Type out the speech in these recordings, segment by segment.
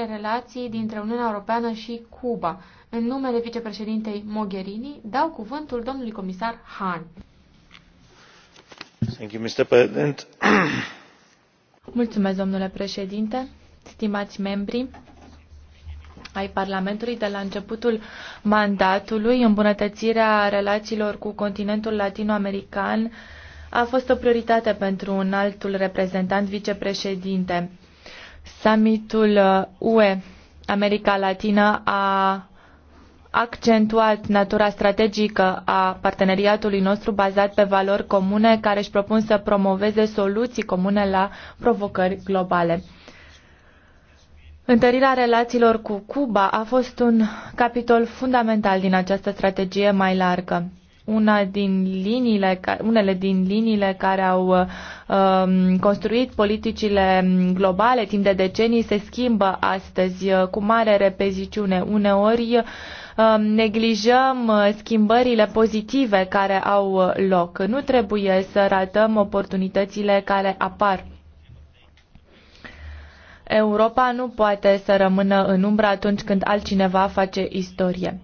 viitoarele relații dintre Uniunea Europeană și Cuba. În numele vicepreședintei Mogherini, dau cuvântul domnului comisar Hahn. Thank you, Mr. President. Mulțumesc, domnule președinte, stimați membri ai Parlamentului de la începutul mandatului, îmbunătățirea relațiilor cu continentul latinoamerican american a fost o prioritate pentru un altul reprezentant vicepreședinte. Summitul UE uh, America Latină a accentuat natura strategică a parteneriatului nostru bazat pe valori comune care își propun să promoveze soluții comune la provocări globale. Întărirea relațiilor cu Cuba a fost un capitol fundamental din această strategie mai largă una din liniile, unele din liniile care au um, construit politicile globale timp de decenii se schimbă astăzi uh, cu mare repeziciune. Uneori um, neglijăm uh, schimbările pozitive care au uh, loc. Nu trebuie să ratăm oportunitățile care apar. Europa nu poate să rămână în umbră atunci când altcineva face istorie.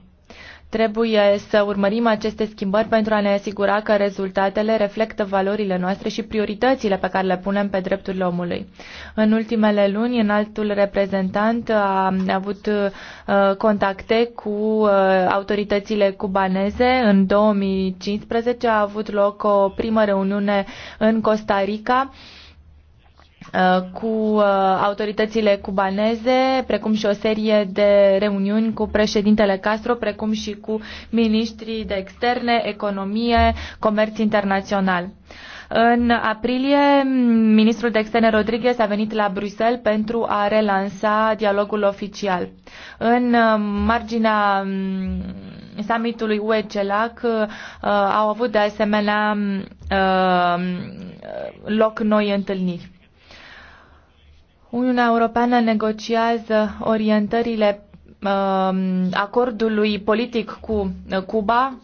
Trebuie să urmărim aceste schimbări pentru a ne asigura că rezultatele reflectă valorile noastre și prioritățile pe care le punem pe drepturile omului. În ultimele luni, înaltul reprezentant a avut uh, contacte cu uh, autoritățile cubaneze. În 2015 a avut loc o primă reuniune în Costa Rica Uh, cu uh, autoritățile cubaneze, precum și o serie de reuniuni cu președintele Castro, precum și cu ministrii de externe, economie, comerț internațional. În aprilie, ministrul de externe Rodriguez a venit la Bruxelles pentru a relansa dialogul oficial. În uh, marginea mm, summitului UE-CELAC au avut de asemenea mm, loc noi întâlniri. Uniunea Europeană negociază orientările um, acordului politic cu uh, Cuba,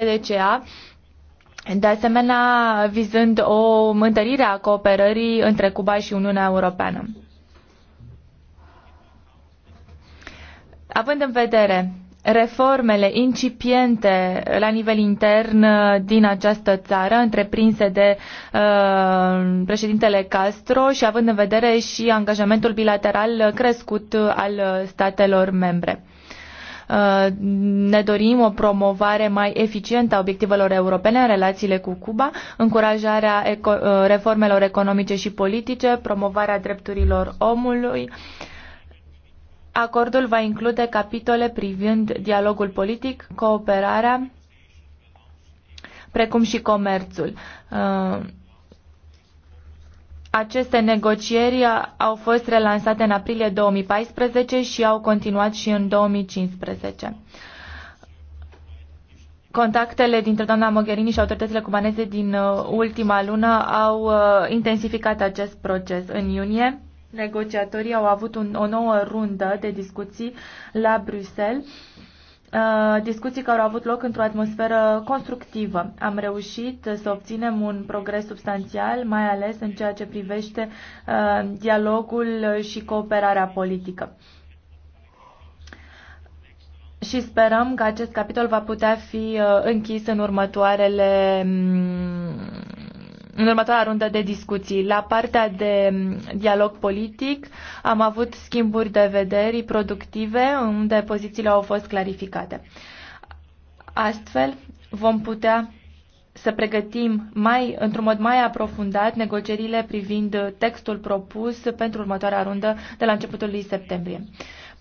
PDCA, de asemenea vizând o mântărire a cooperării între Cuba și Uniunea Europeană. Având în vedere reformele incipiente la nivel intern uh, din această țară, întreprinse de uh, președintele Castro și având în vedere și angajamentul bilateral uh, crescut uh, al statelor membre. ne dorim o promovare mai eficientă a obiectivelor europene în relațiile cu Cuba, încurajarea eco reformelor economice și politice, promovarea drepturilor omului, uh, Acordul va include capitole privind dialogul politic, cooperarea, precum și comerțul. Uh, aceste negocieri au fost relansate în aprilie 2014 și au continuat și în 2015. Contactele dintre doamna Mogherini și autoritățile cubaneze din uh, ultima lună au uh, intensificat acest proces. În iunie, negociatorii au avut un, o nouă rundă de discuții la Bruxelles uh, discuții care au avut loc într-o atmosferă constructivă. Am reușit să obținem un progres substanțial, mai ales în ceea ce privește uh, dialogul și cooperarea politică. Și sperăm că acest capitol va putea fi uh, închis în următoarele mm, în următoarea rundă de discuții. La partea de dialog politic am avut schimburi de vederi productive unde pozițiile au fost clarificate. Astfel vom putea să pregătim mai, într-un mod mai aprofundat negocierile privind textul propus pentru următoarea rundă de la începutul lui septembrie.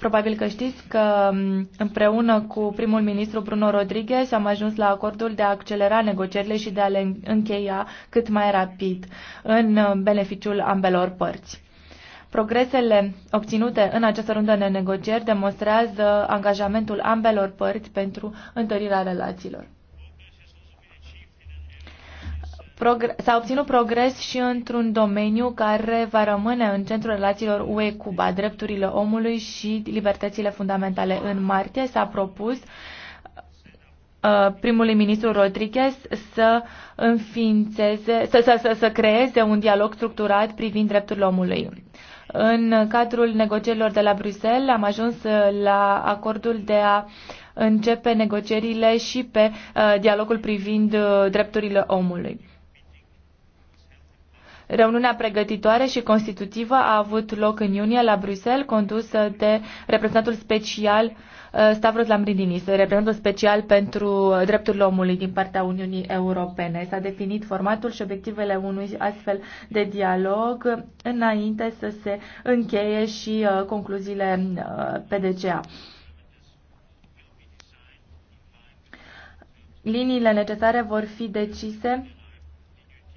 Probabil că știți că împreună cu primul ministru Bruno Rodriguez am ajuns la acordul de a accelera negocierile și de a le încheia cât mai rapid în beneficiul ambelor părți. Progresele obținute în această rundă de negocieri demonstrează angajamentul ambelor părți pentru întărirea relațiilor s-a obținut progres și într-un domeniu care va rămâne în centrul relațiilor UE-Cuba, drepturile omului și libertățile fundamentale. În martie s-a propus uh, primului ministru Rodriguez să înființeze, să, să, să, să creeze un dialog structurat privind drepturile omului. În cadrul negocierilor de la Bruxelles am ajuns la acordul de a începe negocierile și pe uh, dialogul privind uh, drepturile omului. Reuniunea pregătitoare și constitutivă a avut loc în iunie la Bruxelles, condusă de reprezentantul special uh, Stavros Lambrinidis, reprezentantul special pentru drepturile omului din partea Uniunii Europene. S-a definit formatul și obiectivele unui astfel de dialog înainte să se încheie și uh, concluziile uh, PDCA. Liniile necesare vor fi decise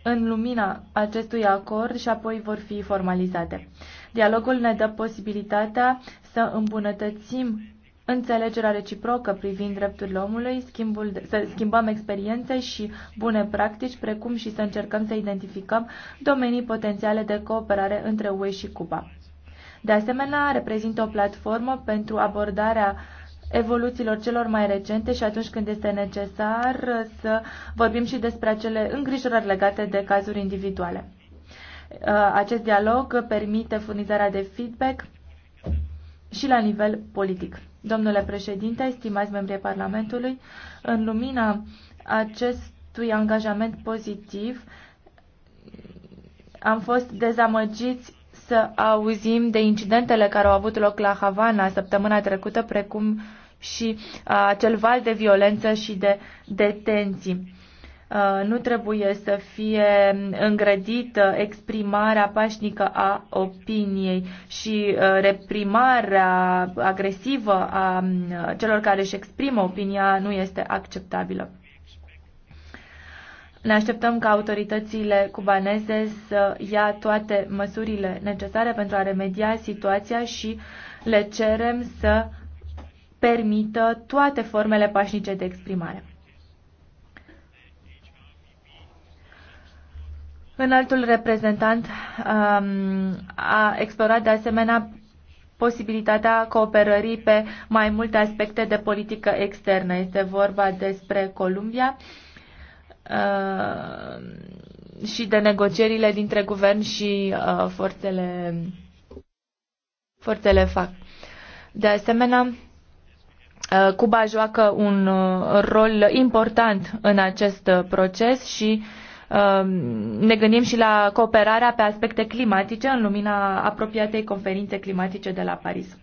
în lumina acestui acord și apoi vor fi formalizate. Dialogul ne dă posibilitatea să îmbunătățim înțelegerea reciprocă privind drepturile omului, schimbul, să schimbăm experiențe și bune practici, precum și să încercăm să identificăm domenii potențiale de cooperare între UE și Cuba. De asemenea, reprezintă o platformă pentru abordarea uh, evoluțiilor celor mai recente și atunci când este necesar să vorbim și despre acele îngrijorări legate de cazuri individuale. Uh, acest dialog permite furnizarea de feedback și la nivel politic. Domnule președinte, stimați membrii Parlamentului, în lumina acestui angajament pozitiv, am fost dezamăgiți să auzim de incidentele care au avut loc la Havana săptămâna trecută, precum uh, și acel val de violență și de detenții. Nu trebuie să fie îngrădită exprimarea pașnică a opiniei și reprimarea agresivă a celor care își exprimă opinia nu este acceptabilă. Ne așteptăm ca autoritățile cubaneze să ia toate măsurile necesare pentru a remedia situația și le cerem să permită toate formele pașnice de exprimare. altul reprezentant um, a explorat de asemenea posibilitatea cooperării pe mai multe aspecte de politică externă. Este vorba despre Columbia uh, și de negocierile dintre guvern și uh, forțele, forțele FAC. De asemenea, Uh, Cuba joacă un uh, rol important în acest uh, proces și ne gândim și la cooperarea pe aspecte climatice în lumina apropiatei conferințe climatice de la Paris.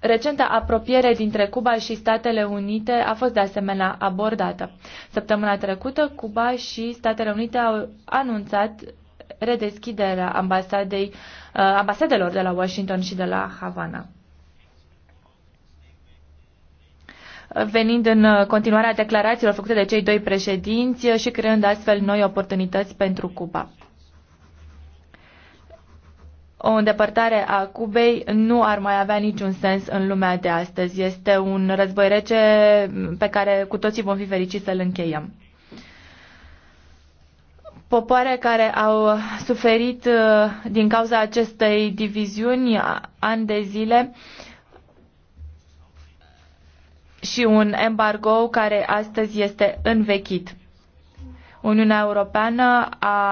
Recenta apropiere dintre Cuba și Statele Unite a fost de asemenea abordată. Săptămâna trecută, Cuba și Statele Unite au anunțat redeschiderea ambasadei, ambasadelor de la Washington și de la Havana. venind în continuarea declarațiilor făcute de cei doi președinți și creând astfel noi oportunități pentru Cuba. O îndepărtare a Cubei nu ar mai avea niciun sens în lumea de astăzi. Este un război rece pe care cu toții vom fi fericiți să-l încheiem popoare care au suferit uh, din cauza acestei diviziuni ani de zile și un embargo care astăzi este învechit. Uniunea Europeană a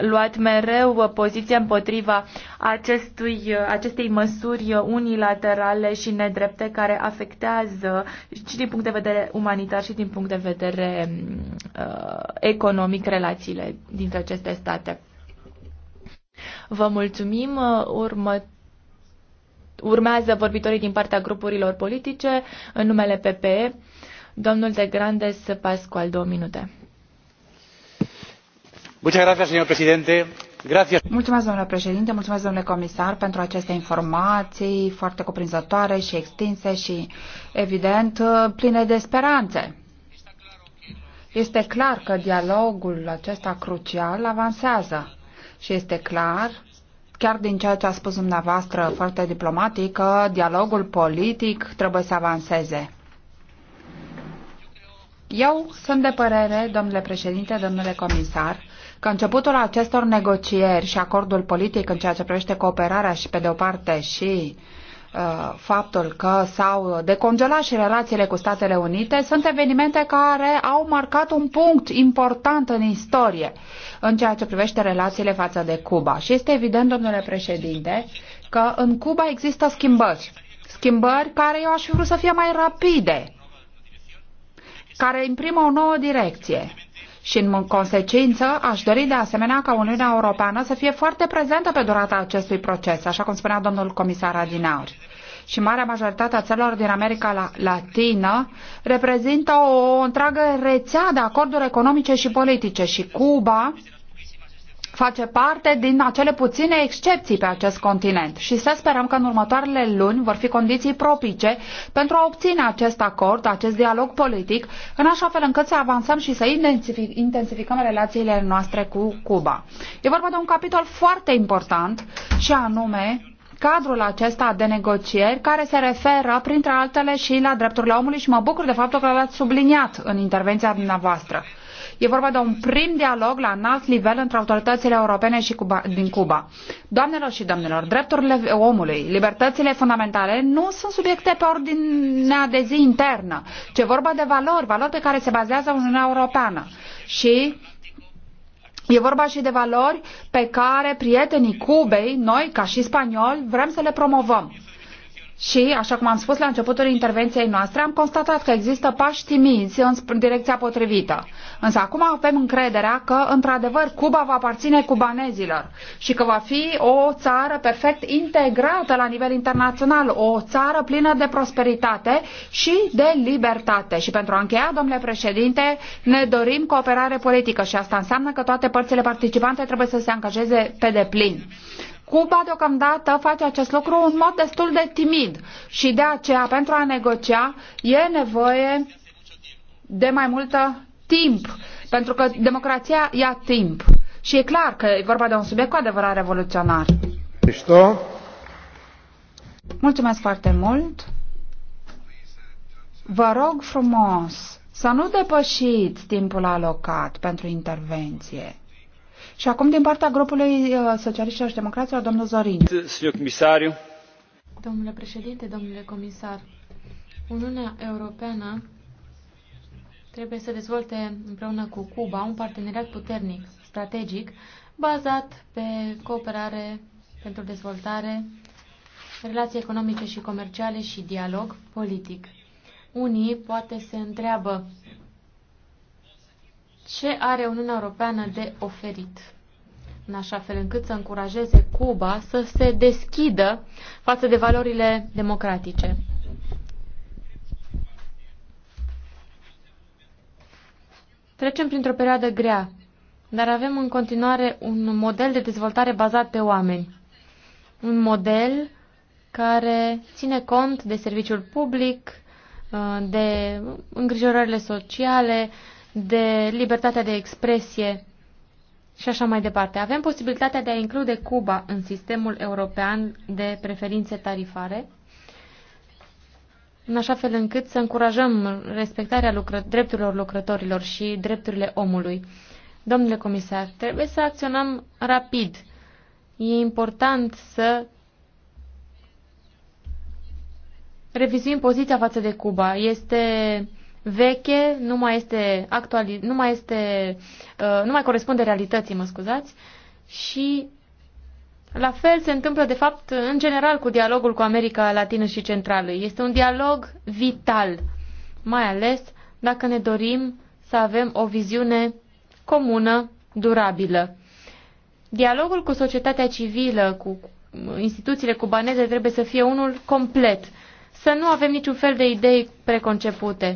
luat mereu poziție împotriva acestui, acestei măsuri unilaterale și nedrepte care afectează și din punct de vedere umanitar și din punct de vedere uh, economic relațiile dintre aceste state. Vă mulțumim. Următoarea Urmează vorbitorii din partea grupurilor politice în numele PPE. Domnul de Grandes Pascual, două minute. Mulțumesc, domnule președinte, mulțumesc, domnule comisar, pentru aceste informații foarte cuprinzătoare și extinse și, evident, pline de speranțe. Este clar că dialogul acesta crucial avansează și este clar chiar din ceea ce a spus dumneavoastră foarte diplomatic, că dialogul politic trebuie să avanseze. Eu sunt de părere, domnule președinte, domnule comisar, că începutul acestor negocieri și acordul politic în ceea ce privește cooperarea și pe de o parte și uh, Uh, faptul că s-au decongelat și relațiile cu Statele Unite sunt evenimente care au marcat un punct important în istorie în ceea ce privește relațiile față de Cuba. Și este evident, domnule președinte, că în Cuba există schimbări. Schimbări care eu aș fi vrut să fie mai rapide, care imprimă o nouă direcție și în consecință aș dori de asemenea ca Uniunea Europeană să fie foarte prezentă pe durata acestui proces, așa cum spunea domnul comisar Adinauri și marea majoritate a țărilor din America Latină reprezintă o întreagă rețea de acorduri economice și politice și Cuba face parte din acele puține excepții pe acest continent și să sperăm că în următoarele luni vor fi condiții propice pentru a obține acest acord, acest dialog politic, în așa fel încât să avansăm și să intensificăm relațiile noastre cu Cuba. E vorba de un capitol foarte important și anume cadrul acesta de negocieri care se referă, printre altele, și la drepturile omului și mă bucur de faptul că l-ați subliniat în intervenția dumneavoastră. E vorba de un prim dialog la înalt nivel între autoritățile europene și Cuba, din Cuba. Doamnelor și domnilor, drepturile omului, libertățile fundamentale nu sunt subiecte pe ordinea de zi internă, ci vorba de valori, valori pe care se bazează Uniunea Europeană. Și E vorba și de valori pe care prietenii Cubei, noi ca și spanioli, vrem să le promovăm. Și, așa cum am spus la începutul intervenției noastre, am constatat că există pași timizi în direcția potrivită. Însă acum avem încrederea că, într-adevăr, Cuba va aparține cubanezilor și că va fi o țară perfect integrată la nivel internațional, o țară plină de prosperitate și de libertate. Și pentru a încheia, domnule președinte, ne dorim cooperare politică și asta înseamnă că toate părțile participante trebuie să se angajeze pe deplin. Cuba deocamdată face acest lucru în mod destul de timid și de aceea, pentru a negocia, e nevoie de mai multă timp, pentru că democrația ia timp. Și e clar că e vorba de un subiect cu adevărat revoluționar. Mișto. Mulțumesc foarte mult. Vă rog frumos să nu depășiți timpul alocat pentru intervenție. Și acum din partea grupului uh, Socialiștilor și Democraților, domnul Zorin. Domnule președinte, domnule comisar, Uniunea Europeană trebuie să dezvolte împreună cu Cuba un parteneriat puternic, strategic, bazat pe cooperare pentru dezvoltare, relații economice și comerciale și dialog politic. Unii poate se întreabă ce are Uniunea Europeană de oferit în așa fel încât să încurajeze Cuba să se deschidă față de valorile democratice. Trecem printr-o perioadă grea, dar avem în continuare un model de dezvoltare bazat pe oameni. Un model care ține cont de serviciul public, de îngrijorările sociale, de libertatea de expresie și așa mai departe. Avem posibilitatea de a include Cuba în sistemul european de preferințe tarifare, în așa fel încât să încurajăm respectarea lucră drepturilor lucrătorilor și drepturile omului. Domnule comisar, trebuie să acționăm rapid. E important să revizuim poziția față de Cuba. Este veche, nu mai este, actuali, nu mai, este uh, nu mai corespunde realității, mă scuzați, și la fel se întâmplă, de fapt, în general cu dialogul cu America Latină și Centrală. Este un dialog vital, mai ales dacă ne dorim să avem o viziune comună, durabilă. Dialogul cu societatea civilă, cu instituțiile cubaneze trebuie să fie unul complet, să nu avem niciun fel de idei preconcepute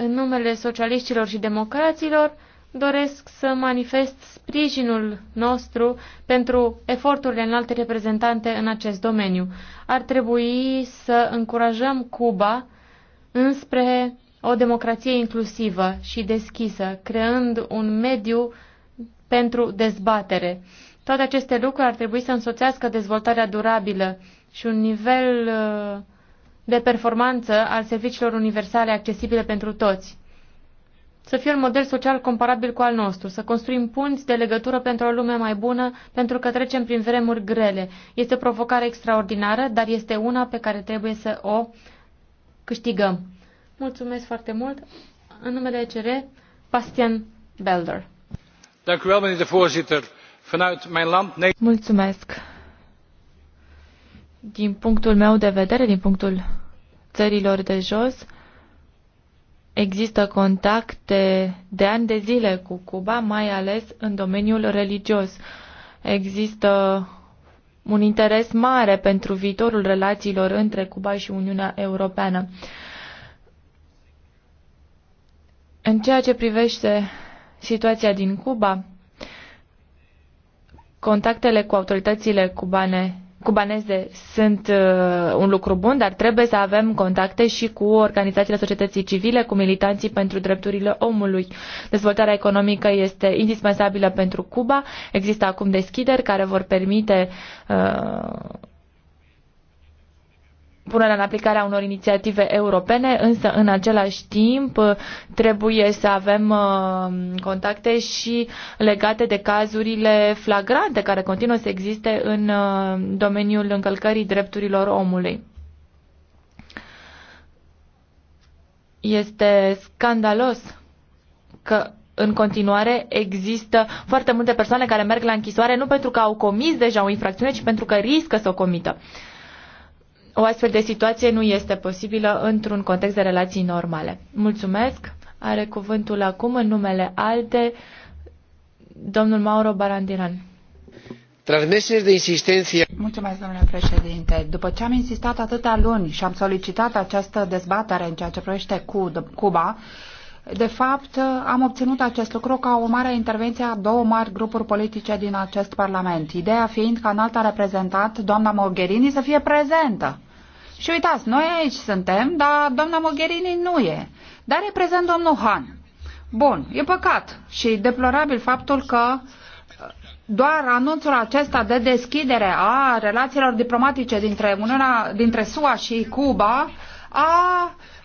în numele socialiștilor și democraților, doresc să manifest sprijinul nostru pentru eforturile înalte reprezentante în acest domeniu. Ar trebui să încurajăm Cuba înspre o democrație inclusivă și deschisă, creând un mediu pentru dezbatere. Toate aceste lucruri ar trebui să însoțească dezvoltarea durabilă și un nivel uh, de performanță al serviciilor universale accesibile pentru toți. Să fie un model social comparabil cu al nostru, să construim punți de legătură pentru o lume mai bună, pentru că trecem prin vremuri grele. Este o provocare extraordinară, dar este una pe care trebuie să o câștigăm. Mulțumesc foarte mult. În numele ECR, Bastian Belder. Mulțumesc. Din punctul meu de vedere, din punctul țărilor de jos. Există contacte de ani de zile cu Cuba, mai ales în domeniul religios. Există un interes mare pentru viitorul relațiilor între Cuba și Uniunea Europeană. În ceea ce privește situația din Cuba, contactele cu autoritățile cubane cubaneze sunt uh, un lucru bun, dar trebuie să avem contacte și cu organizațiile societății civile, cu militanții pentru drepturile omului. Dezvoltarea economică este indispensabilă pentru Cuba. Există acum deschideri care vor permite uh, punerea în aplicare a unor inițiative europene, însă în același timp trebuie să avem uh, contacte și legate de cazurile flagrante care continuă să existe în uh, domeniul încălcării drepturilor omului. Este scandalos că în continuare există foarte multe persoane care merg la închisoare nu pentru că au comis deja o infracțiune, ci pentru că riscă să o comită. Uh, o astfel de situație nu este posibilă într-un context de relații normale. Mulțumesc. Are cuvântul acum în numele ALDE domnul Mauro Barandiran. de insistenție. Mulțumesc, domnule președinte. După ce am insistat atâtea luni și am solicitat această dezbatere în ceea ce privește Cuba, de fapt, am obținut acest lucru ca o mare intervenție a două mari grupuri politice din acest Parlament, ideea fiind ca înalta reprezentant, doamna Mogherini, să fie prezentă. Și uitați, noi aici suntem, dar doamna Mogherini nu e, dar reprezent domnul Han. Bun, e păcat și deplorabil faptul că uh, doar anunțul acesta de deschidere a relațiilor diplomatice dintre, Uniunea, dintre SUA și Cuba a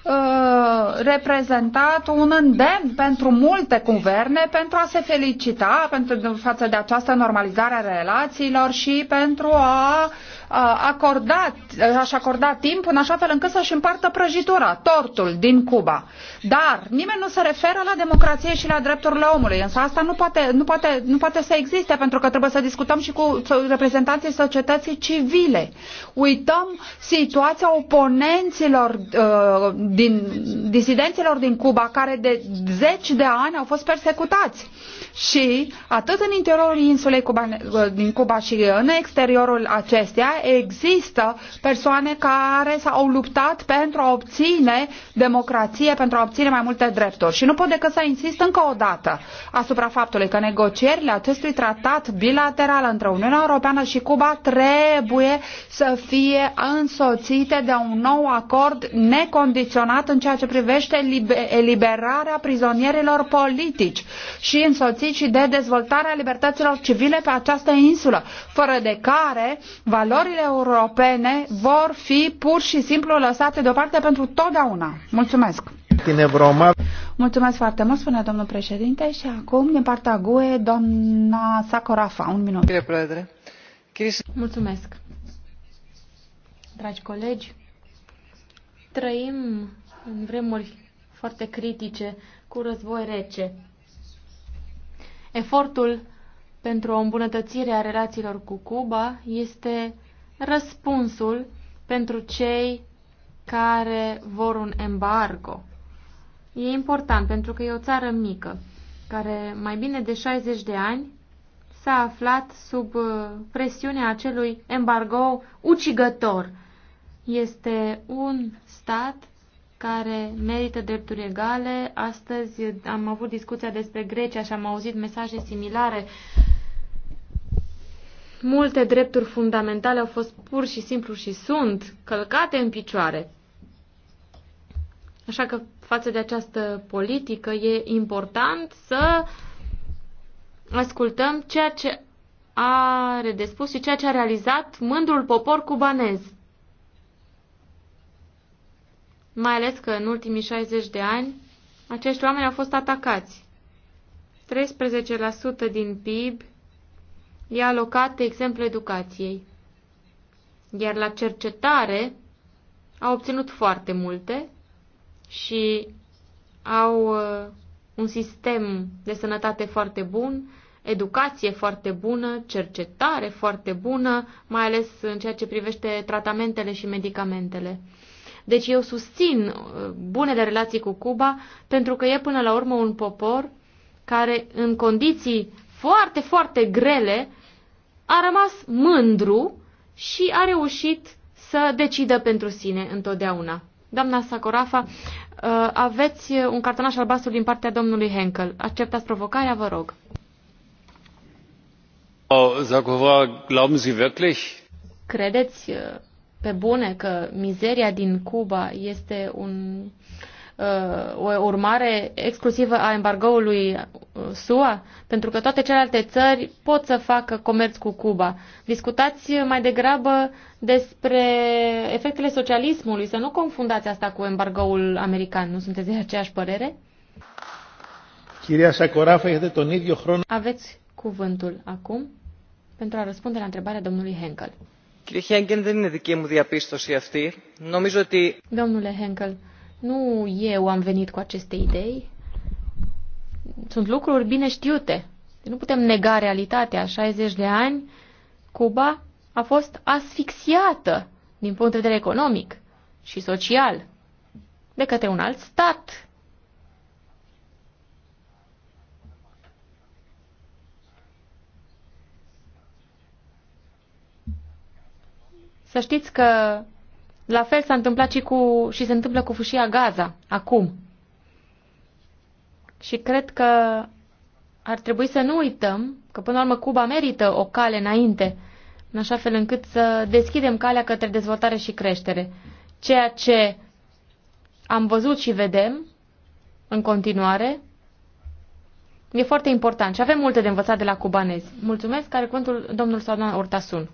Uh, reprezentat un îndemn pentru multe guverne pentru a se felicita pentru, față de această normalizare a relațiilor și pentru a acordat aș acorda timp în așa fel încât să-și împartă prăjitura, tortul din Cuba. Dar nimeni nu se referă la democrație și la drepturile omului, însă asta nu poate, nu poate, nu poate să existe pentru că trebuie să discutăm și cu reprezentanții societății civile. Uităm situația oponenților ă, din, disidenților din Cuba care de zeci de ani au fost persecutați și atât în interiorul insulei Cuba, ă, din Cuba și în exteriorul acesteia există persoane care s-au luptat pentru a obține democrație, pentru a obține mai multe drepturi. Și nu pot decât să insist încă o dată asupra faptului că negocierile acestui tratat bilateral între Uniunea Europeană și Cuba trebuie să fie însoțite de un nou acord necondiționat în ceea ce privește eliberarea prizonierilor politici și însoțit și de dezvoltarea libertăților civile pe această insulă, fără de care valori valorile europene vor fi pur și simplu lăsate deoparte pentru totdeauna. Mulțumesc! Mulțumesc foarte mult, spune domnul președinte, și acum, din partea GUE, doamna Sacorafa, un minut. Mulțumesc! Dragi colegi, trăim în vremuri foarte critice, cu război rece. Efortul pentru o îmbunătățire a relațiilor cu Cuba este răspunsul pentru cei care vor un embargo. E important pentru că e o țară mică care mai bine de 60 de ani s-a aflat sub uh, presiunea acelui embargo ucigător. Este un stat care merită drepturi egale. Astăzi am avut discuția despre Grecia și am auzit mesaje similare Multe drepturi fundamentale au fost pur și simplu și sunt călcate în picioare. Așa că față de această politică e important să ascultăm ceea ce are de spus și ceea ce a realizat mândrul popor cubanez. Mai ales că în ultimii 60 de ani acești oameni au fost atacați. 13% din PIB e alocat, de exemplu, educației. Iar la cercetare au obținut foarte multe și au uh, un sistem de sănătate foarte bun, educație foarte bună, cercetare foarte bună, mai ales în ceea ce privește tratamentele și medicamentele. Deci eu susțin uh, bunele relații cu Cuba pentru că e până la urmă un popor care în condiții foarte, foarte grele, a rămas mândru și a reușit să decidă pentru sine întotdeauna. Doamna Sacorafa, uh, aveți un cartonaș albastru din partea domnului Henkel. Acceptați provocarea, vă rog. Sacorafa, glauben Sie wirklich? Credeți uh, pe bune că mizeria din Cuba este un uh, Uh, o urmare exclusivă a embargoului uh, SUA? Pentru că toate celelalte țări pot să facă comerț cu Cuba. Discutați mai degrabă despre efectele socialismului, să nu confundați asta cu embargoul american. Nu sunteți de aceeași părere? Chiria Sacorafa este ton idio Aveți cuvântul acum pentru a răspunde la întrebarea domnului Henkel. Domnule Henkel, nu eu am venit cu aceste idei. Sunt lucruri bine știute. Nu putem nega realitatea. 60 de ani, Cuba a fost asfixiată din punct de vedere economic și social de către un alt stat. Să știți că la fel s-a întâmplat și cu și se întâmplă cu fâșia Gaza acum. Și cred că ar trebui să nu uităm că până la urmă Cuba merită o cale înainte, în așa fel încât să deschidem calea către dezvoltare și creștere. Ceea ce am văzut și vedem în continuare e foarte important și avem multe de învățat de la cubanezi. Mulțumesc, care cuvântul domnul Sadan Ortasun.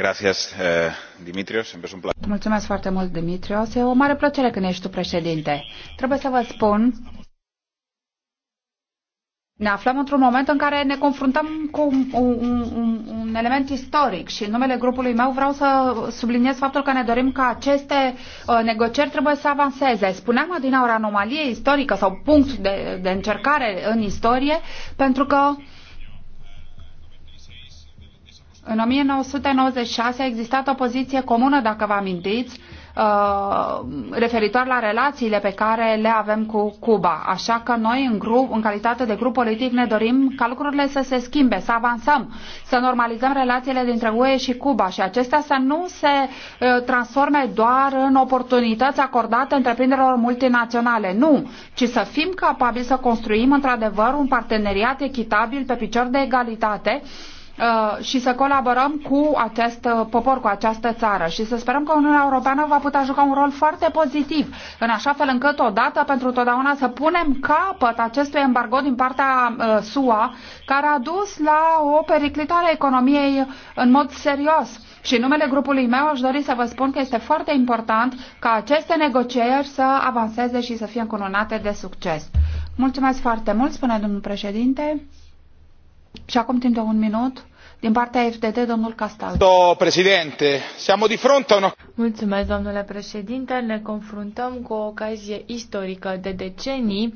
Eh, Mulțumesc foarte mult, Dimitrios. E o mare plăcere când ești tu președinte. Trebuie să vă spun ne aflăm într-un moment în care ne confruntăm cu un, un, un, un element istoric și în numele grupului meu vreau să subliniez faptul că ne dorim ca aceste uh, negocieri trebuie să avanseze. Spuneam ora anomalie istorică sau punct de, de încercare în istorie pentru că uh, în 1996 a existat o poziție comună, dacă vă amintiți, uh, referitor la relațiile pe care le avem cu Cuba. Așa că noi, în, grup, în calitate de grup politic, ne dorim ca lucrurile să se schimbe, să avansăm, să normalizăm relațiile dintre UE și Cuba și acestea să nu se uh, transforme doar în oportunități acordate întreprinderilor multinaționale. Nu, ci să fim capabili să construim într-adevăr un parteneriat echitabil pe picior de egalitate Uh, și să colaborăm cu acest uh, popor, cu această țară și să sperăm că Uniunea Europeană va putea juca un rol foarte pozitiv, în așa fel încât odată pentru totdeauna să punem capăt acestui embargo din partea uh, SUA, care a dus la o periclitare a economiei în mod serios. Și în numele grupului meu aș dori să vă spun că este foarte important ca aceste negocieri să avanseze și să fie încununate de succes. Mulțumesc foarte mult, spune domnul președinte. Și acum timp de un minut. Din partea FDD, domnul Castaldo. președinte, siamo di fronte a una... Mulțumesc, domnule președinte. Ne confruntăm cu o ocazie istorică de decenii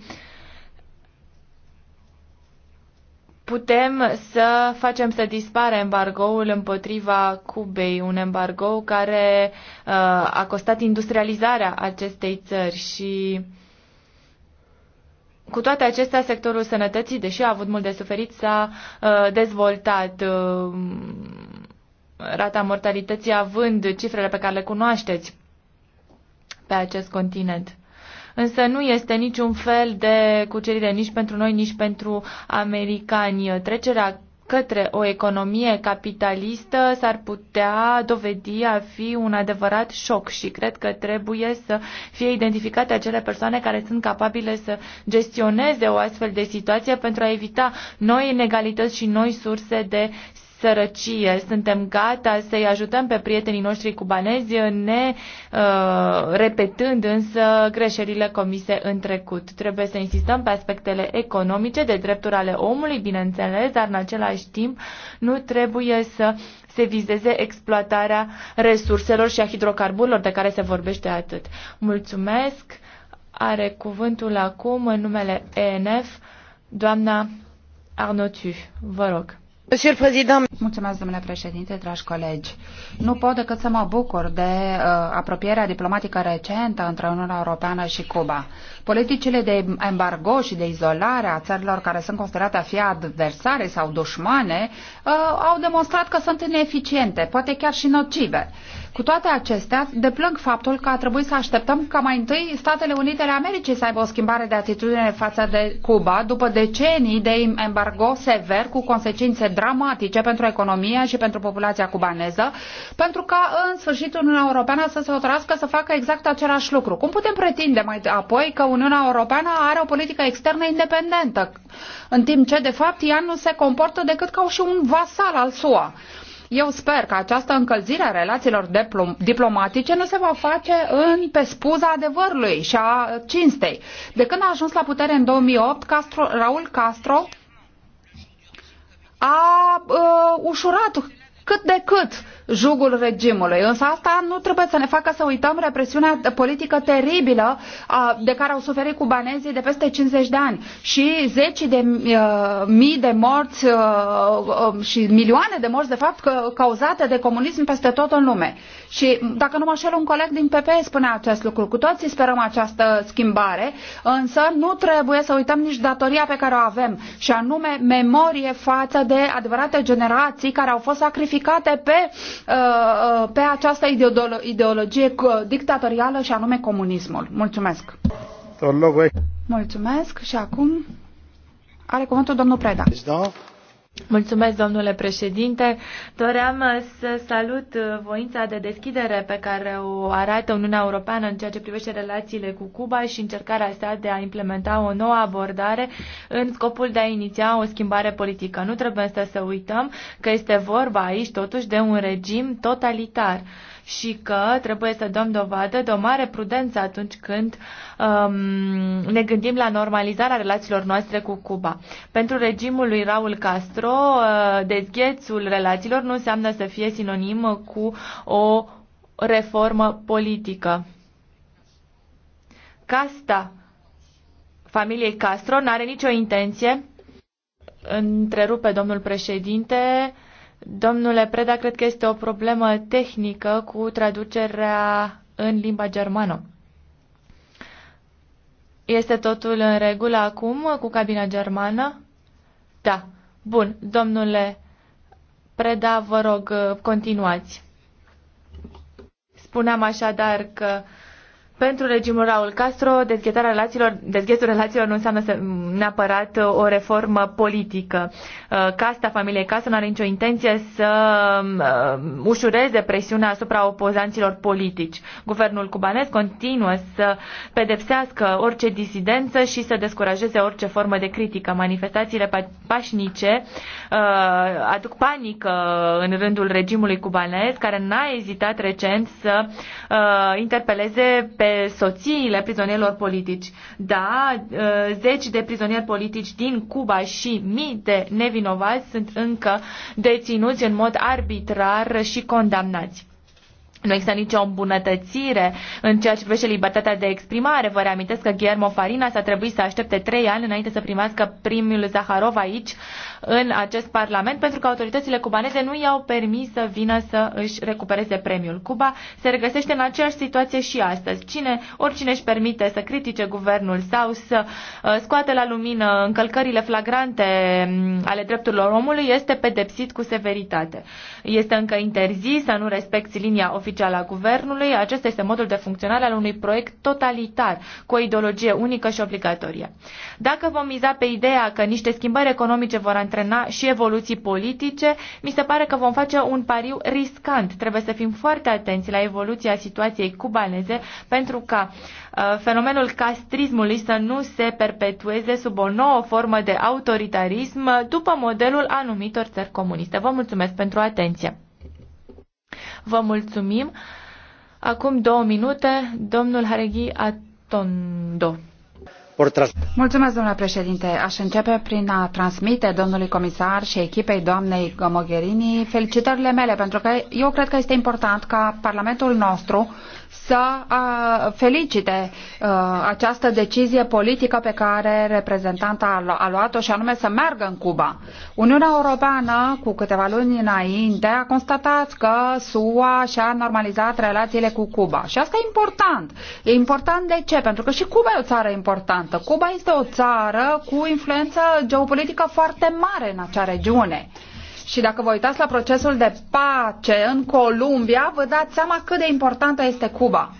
putem să facem să dispare embargoul împotriva Cubei, un embargo care uh, a costat industrializarea acestei țări și uh, cu toate acestea, sectorul sănătății, deși a avut mult de suferit, s-a uh, dezvoltat uh, rata mortalității având cifrele pe care le cunoașteți pe acest continent. Însă nu este niciun fel de cucerire nici pentru noi, nici pentru americani. Trecerea către o economie capitalistă s-ar putea dovedi a fi un adevărat șoc și cred că trebuie să fie identificate acele persoane care sunt capabile să gestioneze o astfel de situație pentru a evita noi inegalități și noi surse de sărăcie. Suntem gata să-i ajutăm pe prietenii noștri cubanezi, ne uh, repetând însă greșelile comise în trecut. Trebuie să insistăm pe aspectele economice, de drepturi ale omului, bineînțeles, dar în același timp nu trebuie să se vizeze exploatarea resurselor și a hidrocarburilor de care se vorbește atât. Mulțumesc! Are cuvântul acum în numele ENF doamna Arnotu. Vă rog. Mulțumesc, domnule președinte, dragi colegi. Nu pot decât să mă bucur de uh, apropierea diplomatică recentă între Uniunea Europeană și Cuba. Politicile de embargo și de izolare a țărilor care sunt considerate a fi adversare sau dușmane uh, au demonstrat că sunt ineficiente, poate chiar și nocive. Cu toate acestea, deplâng faptul că a trebuit să așteptăm ca mai întâi Statele Unite ale Americii să aibă o schimbare de atitudine față de Cuba după decenii de embargo sever cu consecințe dramatice pentru economia și pentru populația cubaneză, pentru ca în sfârșit Uniunea Europeană să se hotărască să facă exact același lucru. Cum putem pretinde mai apoi că Uniunea Europeană are o politică externă independentă, în timp ce, de fapt, ea nu se comportă decât ca și un vasal al SUA. Eu sper că această încălzire a relațiilor diplomatice nu se va face în, pe spuza adevărului și a cinstei. De când a ajuns la putere în 2008, Castro, Raul Castro a uh, ușurat cât de cât jugul regimului. Însă asta nu trebuie să ne facă să uităm represiunea politică teribilă de care au suferit cubanezii de peste 50 de ani și zeci de uh, mii de morți uh, uh, și milioane de morți, de fapt, cauzate de comunism peste tot în lume. Și dacă nu mă șel, un coleg din PP spunea acest lucru. Cu toții sperăm această schimbare, însă nu trebuie să uităm nici datoria pe care o avem, și anume memorie față de adevărate generații care au fost sacrificate pe Uh, uh, pe această ideolo ideologie uh, dictatorială și anume comunismul. Mulțumesc! Mulțumesc și acum are cuvântul domnul Preda. Mulțumesc, domnule președinte. Doream uh, să salut uh, voința de deschidere pe care o arată Uniunea Europeană în ceea ce privește relațiile cu Cuba și încercarea sa de a implementa o nouă abordare în scopul de a iniția o schimbare politică. Nu trebuie însă să uităm că este vorba aici totuși de un regim totalitar și că trebuie să dăm dovadă de o mare prudență atunci când um, ne gândim la normalizarea relațiilor noastre cu Cuba. Pentru regimul lui Raul Castro, uh, dezghețul relațiilor nu înseamnă să fie sinonimă cu o reformă politică. Casta familiei Castro nu are nicio intenție, întrerupe domnul președinte, Domnule Preda, cred că este o problemă tehnică cu traducerea în limba germană. Este totul în regulă acum cu cabina germană? Da. Bun, domnule Preda, vă rog, continuați. Spuneam așadar că pentru regimul Raul Castro, dezghetarea relațiilor, dezghetul relațiilor nu înseamnă să, neapărat o reformă politică. Uh, casta, familiei Castro, nu are nicio intenție să uh, ușureze presiunea asupra opozanților politici. Guvernul cubanez continuă să pedepsească orice disidență și să descurajeze orice formă de critică. Manifestațiile pașnice uh, aduc panică în rândul regimului cubanez, care n-a ezitat recent să interpeleze pe soțiile prizonierilor politici. Da, ă, zeci de prizonieri politici din Cuba și mii de nevinovați sunt încă deținuți în mod arbitrar și condamnați. Nu există nicio îmbunătățire în ceea ce privește libertatea de exprimare. Vă reamintesc că Guillermo Farina s-a trebuit să aștepte trei ani înainte să primească primul Zaharov aici, în acest Parlament pentru că autoritățile cubaneze nu i-au permis să vină să își recupereze premiul. Cuba se regăsește în aceeași situație și astăzi. Cine, oricine își permite să critique guvernul sau să uh, scoate la lumină încălcările flagrante mm, ale drepturilor omului este pedepsit cu severitate. Este încă interzis să nu respecti linia oficială a guvernului. Acesta este modul de funcționare al unui proiect totalitar cu o ideologie unică și obligatorie. Dacă vom miza pe ideea că niște schimbări economice vor antrena și evoluții politice, mi se pare că vom face un pariu riscant. Trebuie să fim foarte atenți la evoluția situației cubaneze pentru ca uh, fenomenul castrismului să nu se perpetueze sub o nouă formă de autoritarism după modelul anumitor țări comuniste. Vă mulțumesc pentru atenție. Vă mulțumim. Acum două minute, domnul Hareghi Atondo. Mulțumesc, domnule președinte. Aș începe prin a transmite domnului comisar și echipei doamnei Mogherini felicitările mele, pentru că eu cred că este important ca Parlamentul nostru să felicite ă, această decizie politică pe care reprezentanta a luat-o și anume să meargă în Cuba. Uniunea Europeană, cu câteva luni înainte, a constatat că SUA și-a normalizat relațiile cu Cuba. Și asta e important. E important de ce? Pentru că și Cuba e o țară importantă. Cuba este o țară cu influență geopolitică foarte mare în acea regiune. Și dacă vă uitați la procesul de pace în Columbia, vă dați seama cât de importantă este Cuba.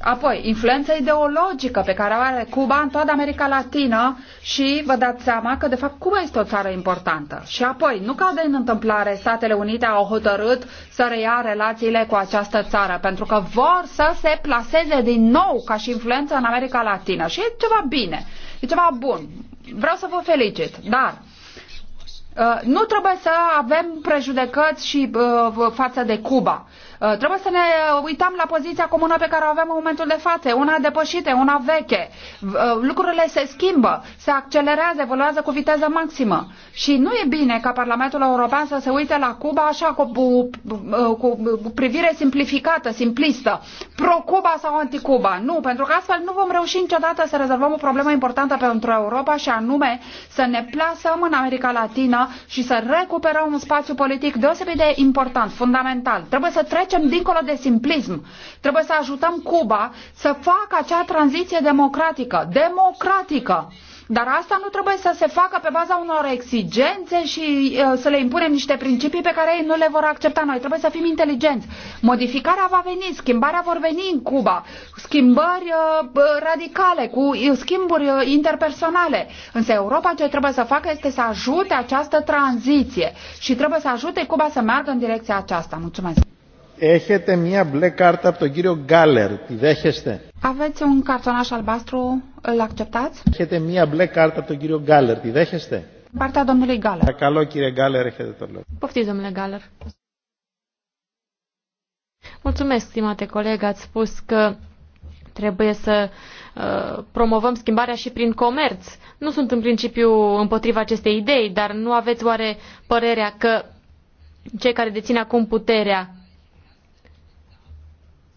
Apoi, influența ideologică pe care o are Cuba în toată America Latină și vă dați seama că, de fapt, Cuba este o țară importantă. Și apoi, nu ca de în întâmplare, Statele Unite au hotărât să reia relațiile cu această țară, pentru că vor să se placeze din nou ca și influență în America Latină. Și e ceva bine, e ceva bun. Vreau să vă felicit, dar Uh, nu trebuie să avem prejudecăți și uh, față de Cuba. Uh, trebuie să ne uh, uităm la poziția comună pe care o avem în momentul de față, una depășită, una veche. Uh, lucrurile se schimbă, se accelerează, evoluează cu viteză maximă. Și nu e bine ca Parlamentul European să se uite la Cuba așa cu, cu, cu privire simplificată, simplistă, pro-Cuba sau anti-Cuba. Nu, pentru că astfel nu vom reuși niciodată să rezolvăm o problemă importantă pentru Europa și anume să ne plasăm în America Latină și să recuperăm un spațiu politic deosebit de important, fundamental. Trebuie să trecem trecem dincolo de simplism. Trebuie să ajutăm Cuba să facă acea tranziție democratică. Democratică! Dar asta nu trebuie să se facă pe baza unor exigențe și uh, să le impunem niște principii pe care ei nu le vor accepta. Noi trebuie să fim inteligenți. Modificarea va veni, schimbarea vor veni în Cuba, schimbări uh, radicale, cu uh, schimburi uh, interpersonale. Însă Europa ce trebuie să facă este să ajute această tranziție și trebuie să ajute Cuba să meargă în direcția aceasta. Mulțumesc! Έχετε μία μπλε κάρτα από τον κύριο Γκάλερ. Τη δέχεστε. Αβέτσε un cartonaș albastru, îl acceptați? Έχετε μία μπλε κάρτα από τον κύριο Γκάλερ. Τη δέχεστε. Πάρτε τον domnului Γκάλερ. Καλό κύριε Γκάλερ, έχετε το λόγο. Poftiți, domnule Γκάλερ. Mulțumesc, stimate coleg, ați spus că trebuie să uh, promovăm schimbarea și prin comerț. Nu sunt în principiu împotriva acestei idei, dar nu aveți oare părerea că cei care dețin acum puterea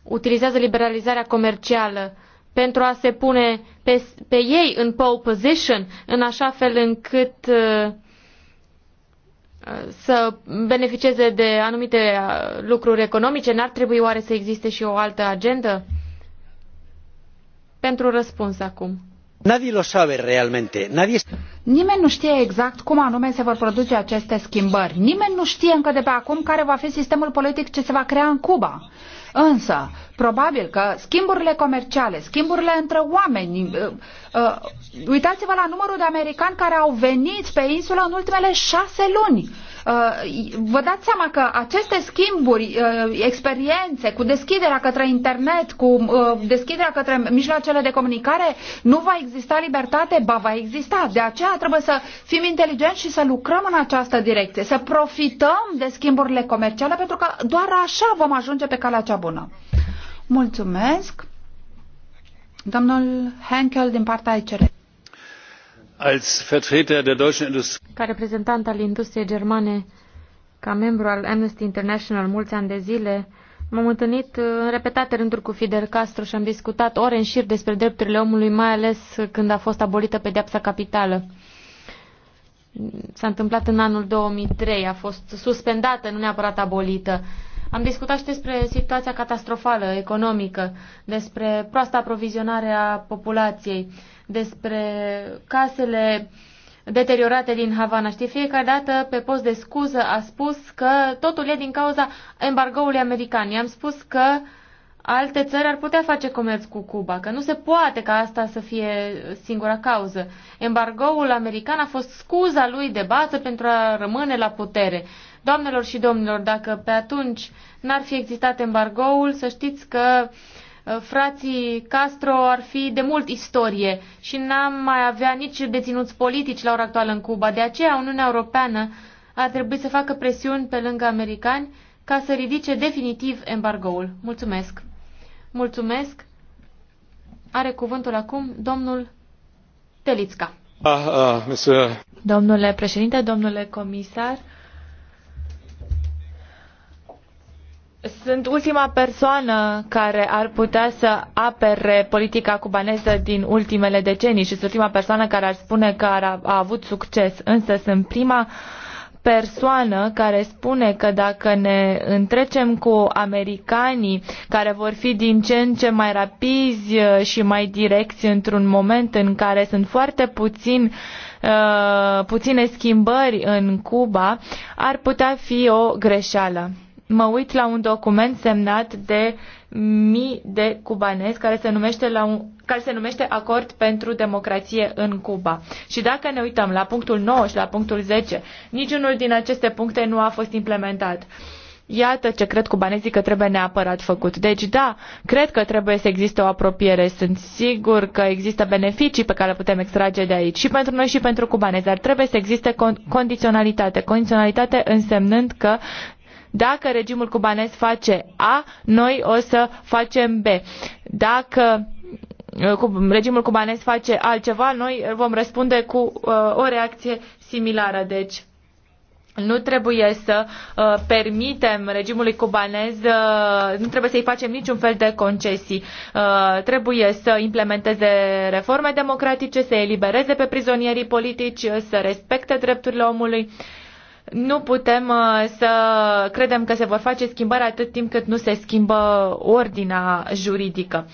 utilizează liberalizarea comercială pentru a se pune pe, pe ei în pole position, în așa fel încât uh, uh, să beneficieze de anumite uh, lucruri economice? N-ar trebui oare să existe și o altă agendă? Pentru răspuns acum. Nadie lo sabe realmente. Nadie... Nimeni nu știe exact cum anume se vor produce aceste schimbări. Nimeni nu știe încă de pe acum care va fi sistemul politic ce se va crea în Cuba. Însă, probabil că schimburile comerciale, schimburile între oameni, uh, uh, uitați-vă la numărul de americani care au venit pe insulă în ultimele șase luni. Uh, vă dați seama că aceste schimburi, uh, experiențe cu deschiderea către internet, cu uh, deschiderea către mijloacele de comunicare, nu va exista libertate, ba va exista. De aceea trebuie să fim inteligenți și să lucrăm în această direcție, să profităm de schimburile comerciale, pentru că doar așa vom ajunge pe calea cea bună. Mulțumesc. Domnul Henkel din partea ICR. Ca reprezentant al industriei germane, ca membru al Amnesty International mulți ani de zile, m-am întâlnit uh, în repetate rânduri cu Fidel Castro și am discutat ore în șir despre drepturile omului, mai ales când a fost abolită pedeapsa capitală. S-a întâmplat în anul 2003, a fost suspendată, nu neapărat abolită. Am discutat și despre situația catastrofală economică, despre proasta aprovizionare a populației, despre casele deteriorate din Havana. Știi, fiecare dată pe post de scuză a spus că totul e din cauza embargoului american. I-am spus că alte țări ar putea face comerț cu Cuba, că nu se poate ca asta să fie singura cauză. Embargoul american a fost scuza lui de bază pentru a rămâne la putere. Doamnelor și domnilor, dacă pe atunci n-ar fi existat embargoul, să știți că uh, frații Castro ar fi de mult istorie și n-am mai avea nici deținuți politici la ora actuală în Cuba. De aceea Uniunea Europeană ar trebui să facă presiuni pe lângă americani ca să ridice definitiv embargoul. Mulțumesc! Mulțumesc! Are cuvântul acum domnul Telițca. Ah, ah, Domnule președinte, domnule comisar, sunt ultima persoană care ar putea să apere politica cubaneză din ultimele decenii și sunt ultima persoană care ar spune că a avut succes, însă sunt prima persoană care spune că dacă ne întrecem cu americanii care vor fi din ce în ce mai rapizi uh, și mai direcți într-un moment în care sunt foarte puțin uh, puține schimbări în Cuba, ar putea fi o greșeală mă uit la un document semnat de mii de cubanezi care se numește, la un, care se numește Acord pentru Democrație în Cuba. Și dacă ne uităm la punctul 9 și la punctul 10, niciunul din aceste puncte nu a fost implementat. Iată ce cred cubanezii că trebuie neapărat făcut. Deci da, cred că trebuie să existe o apropiere. Sunt sigur că există beneficii pe care le putem extrage de aici și pentru noi și pentru cubanezi, dar trebuie să existe condiționalitate. Condiționalitate însemnând că dacă regimul cubanez face A, noi o să facem B. Dacă uh, regimul cubanez face altceva, noi vom răspunde cu uh, o reacție similară. Deci, nu trebuie să uh, permitem regimului cubanez, uh, nu trebuie să-i facem niciun fel de concesii. Uh, trebuie să implementeze reforme democratice, să elibereze pe prizonierii politici, să respecte drepturile omului. Uh, nu putem uh, să credem că se vor face schimbări atât timp cât nu se schimbă ordinea juridică.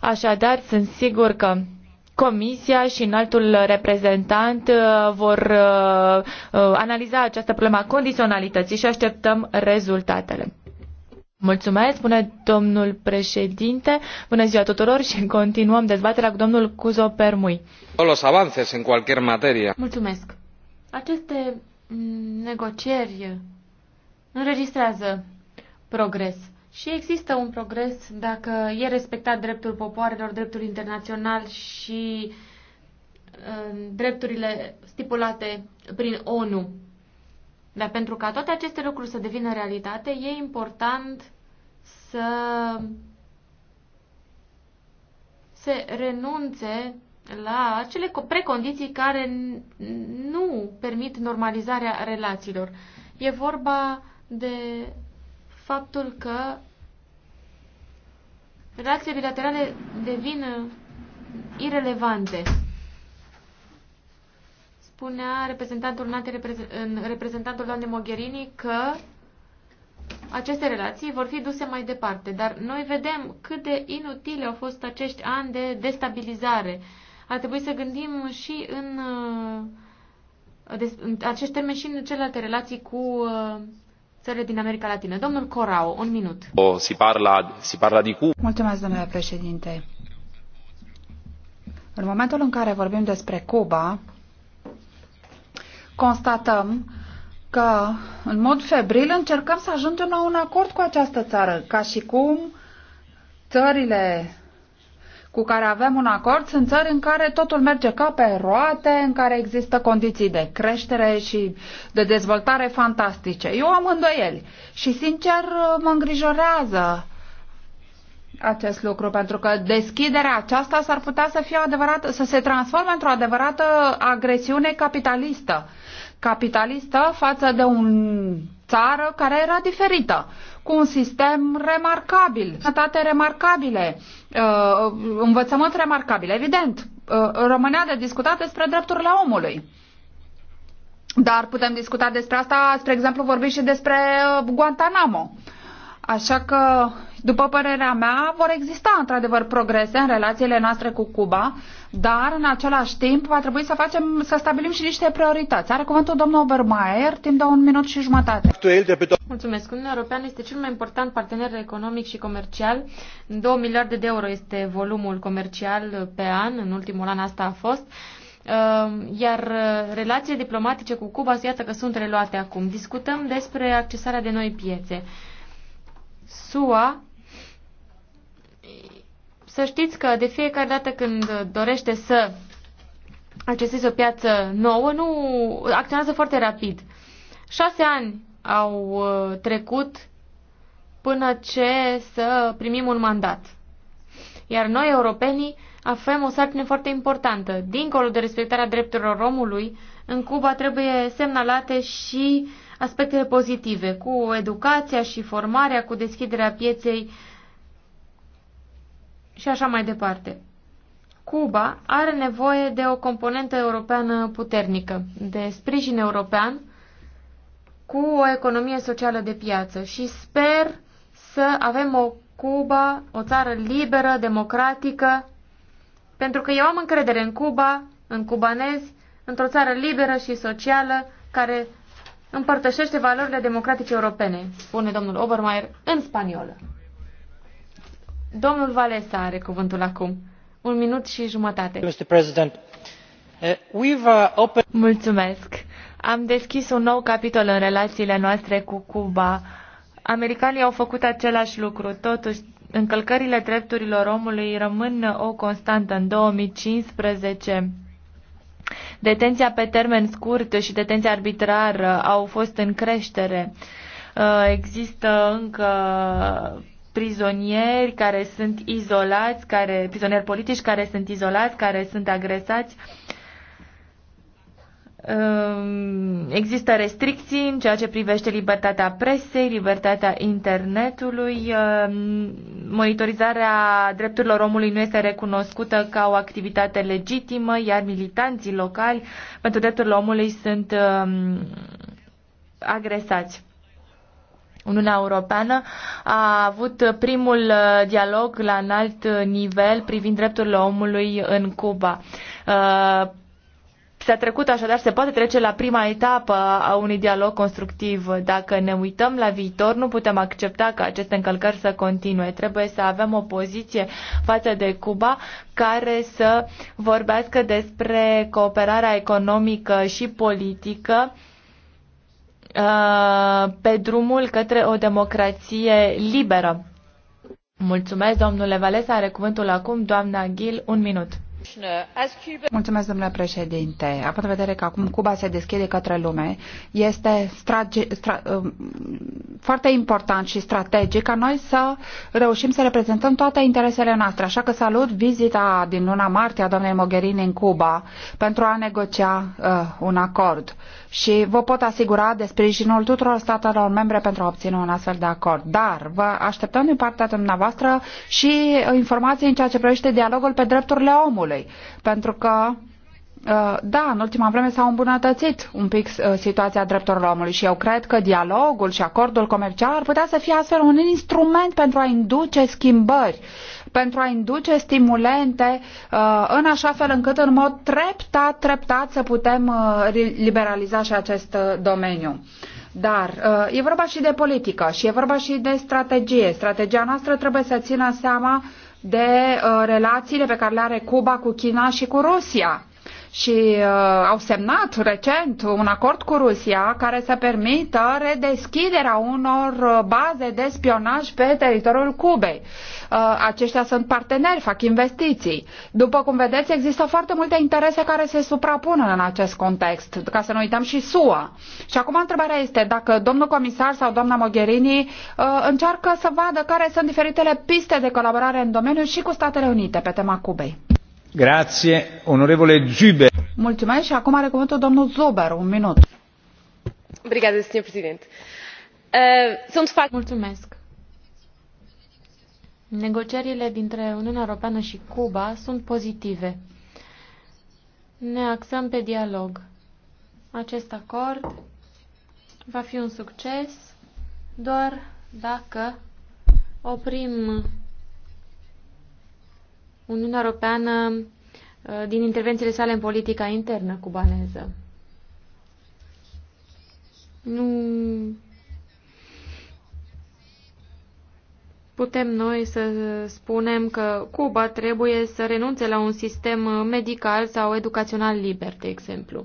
Așadar, sunt sigur că Comisia și înaltul reprezentant uh, vor uh, analiza această problemă a condiționalității și așteptăm rezultatele. Mulțumesc, spune domnul președinte. Bună ziua tuturor și continuăm dezbaterea cu domnul Cuzo Permui. în materie. Mulțumesc. Aceste negocieri înregistrează progres. Și există un progres dacă e respectat dreptul popoarelor, dreptul internațional și uh, drepturile stipulate prin ONU. Dar pentru ca toate aceste lucruri să devină realitate, e important să se renunțe la acele precondiții care nu permit normalizarea relațiilor. E vorba de faptul că relațiile bilaterale devin irelevante. Spunea reprezentantul, Nate, reprezentantul Doamne Mogherini că aceste relații vor fi duse mai departe, dar noi vedem cât de inutile au fost acești ani de destabilizare ar trebui să gândim și în, uh, în acești termeni și în celelalte relații cu uh, țările din America Latină. Domnul Corau, un minut. O, si parla, si parla di Cuba. Mulțumesc, domnule președinte. În momentul în care vorbim despre Cuba, constatăm că, în mod febril, încercăm să ajungem la un acord cu această țară, ca și cum țările cu care avem un acord sunt țări în care totul merge ca pe roate, în care există condiții de creștere și de dezvoltare fantastice. Eu am îndoieli și, sincer, mă îngrijorează acest lucru, pentru că deschiderea aceasta s-ar putea să fie adevărat, să se transforme într-o adevărată agresiune capitalistă. Capitalistă față de un țară care era diferită, cu un sistem remarcabil, sănătate remarcabile, uh, învățământ remarcabil, evident. Uh, România de discutat despre drepturile omului. Dar putem discuta despre asta, spre exemplu, vorbim și despre uh, Guantanamo. Așa că după părerea mea, vor exista într-adevăr progrese în relațiile noastre cu Cuba, dar în același timp va trebui să facem, să stabilim și niște priorități. Are cuvântul domnul Obermeier, timp de un minut și jumătate. Mulțumesc. Uniunea Europeană este cel mai important partener economic și comercial. 2 miliarde de euro este volumul comercial pe an, în ultimul an asta a fost ehm, iar eh, relațiile diplomatice cu Cuba, iată că sunt reluate acum. Discutăm despre accesarea de noi piețe. SUA să știți că de fiecare dată când dorește să acceseze o piață nouă, nu acționează foarte rapid. Șase ani au uh, trecut până ce să primim un mandat. Iar noi, europenii, avem o sarcină foarte importantă. Dincolo de respectarea drepturilor omului, în Cuba trebuie semnalate și aspectele pozitive, cu educația și formarea, cu deschiderea pieței uh, și așa mai departe. Cuba are nevoie de o componentă europeană puternică, de sprijin european cu o economie socială de piață și sper să avem o Cuba, o țară liberă, democratică, pentru că eu am încredere în Cuba, în cubanezi, într-o țară liberă și socială care împărtășește valorile democratice europene, spune domnul Obermeier în spaniolă. Domnul Valesa are cuvântul acum. Un minut și jumătate. Uh, uh, Mulțumesc. Am deschis un nou capitol în relațiile noastre cu Cuba. Americanii au făcut același lucru, totuși încălcările drepturilor omului rămân o constantă în 2015. Detenția pe termen scurt și detenția arbitrară au fost în creștere. Uh, există încă prizonieri care sunt izolați, care, prizonieri politici care sunt izolați, care sunt agresați. Um, există restricții în ceea ce privește libertatea presei, libertatea internetului, um, monitorizarea drepturilor omului nu este recunoscută ca o activitate legitimă, iar militanții locali pentru drepturile omului sunt um, agresați. Uniunea Europeană a avut primul uh, dialog la înalt uh, nivel privind drepturile omului în Cuba. Uh, s-a trecut așadar, se poate trece la prima etapă a unui dialog constructiv. Dacă ne uităm la viitor, nu putem accepta ca aceste încălcări să continue. Trebuie să avem o poziție față de Cuba care să vorbească despre cooperarea economică și politică Uh, pe drumul către o democrație liberă. Mulțumesc, domnule Valesa. Are cuvântul acum doamna Gil. Un minut. Mulțumesc, domnule președinte. Având în vedere că acum Cuba se deschide către lume, este strage, stra, uh, foarte important și strategic ca noi să reușim să reprezentăm toate interesele noastre. Așa că salut vizita din luna martie a doamnei Mogherini în Cuba pentru a negocia uh, un acord. Uh, și vă pot asigura de sprijinul tuturor statelor membre pentru a obține un astfel de acord. Dar vă așteptăm din partea dumneavoastră și informații în ceea ce privește dialogul pe drepturile omului, pentru că uh, da, în ultima vreme s-au îmbunătățit un pic uh, situația drepturilor omului și eu cred că dialogul și acordul comercial ar putea să fie astfel un instrument pentru a induce schimbări pentru a induce stimulente uh, în așa fel încât în mod treptat, treptat să putem uh, liberaliza și acest uh, domeniu. Dar e vorba și de politică și e vorba și de strategie. Strategia noastră trebuie să țină seama de relațiile pe care le are Cuba cu China și cu Rusia și uh, au semnat recent un acord cu Rusia care să permită redeschiderea unor uh, baze de spionaj pe teritoriul Cubei. Uh, aceștia sunt parteneri, fac investiții. După cum vedeți, există foarte multe interese care se suprapun în acest context, ca să nu uităm și SUA. Și acum întrebarea este dacă domnul comisar sau doamna Mogherini uh, încearcă să vadă care sunt diferitele piste de colaborare în domeniu și cu Statele Unite pe tema Cubei. Mulțumesc minut. Eh, Mulțumesc. Negocierile dintre Uniunea Europeană și Cuba sunt pozitive. Ne axăm pe dialog. Acest acord va fi un succes doar dacă oprim Uniunea Europeană uh, din intervențiile sale în politica internă cubaneză. Nu putem noi să spunem că Cuba trebuie să renunțe la un sistem uh, medical sau educațional liber, de exemplu.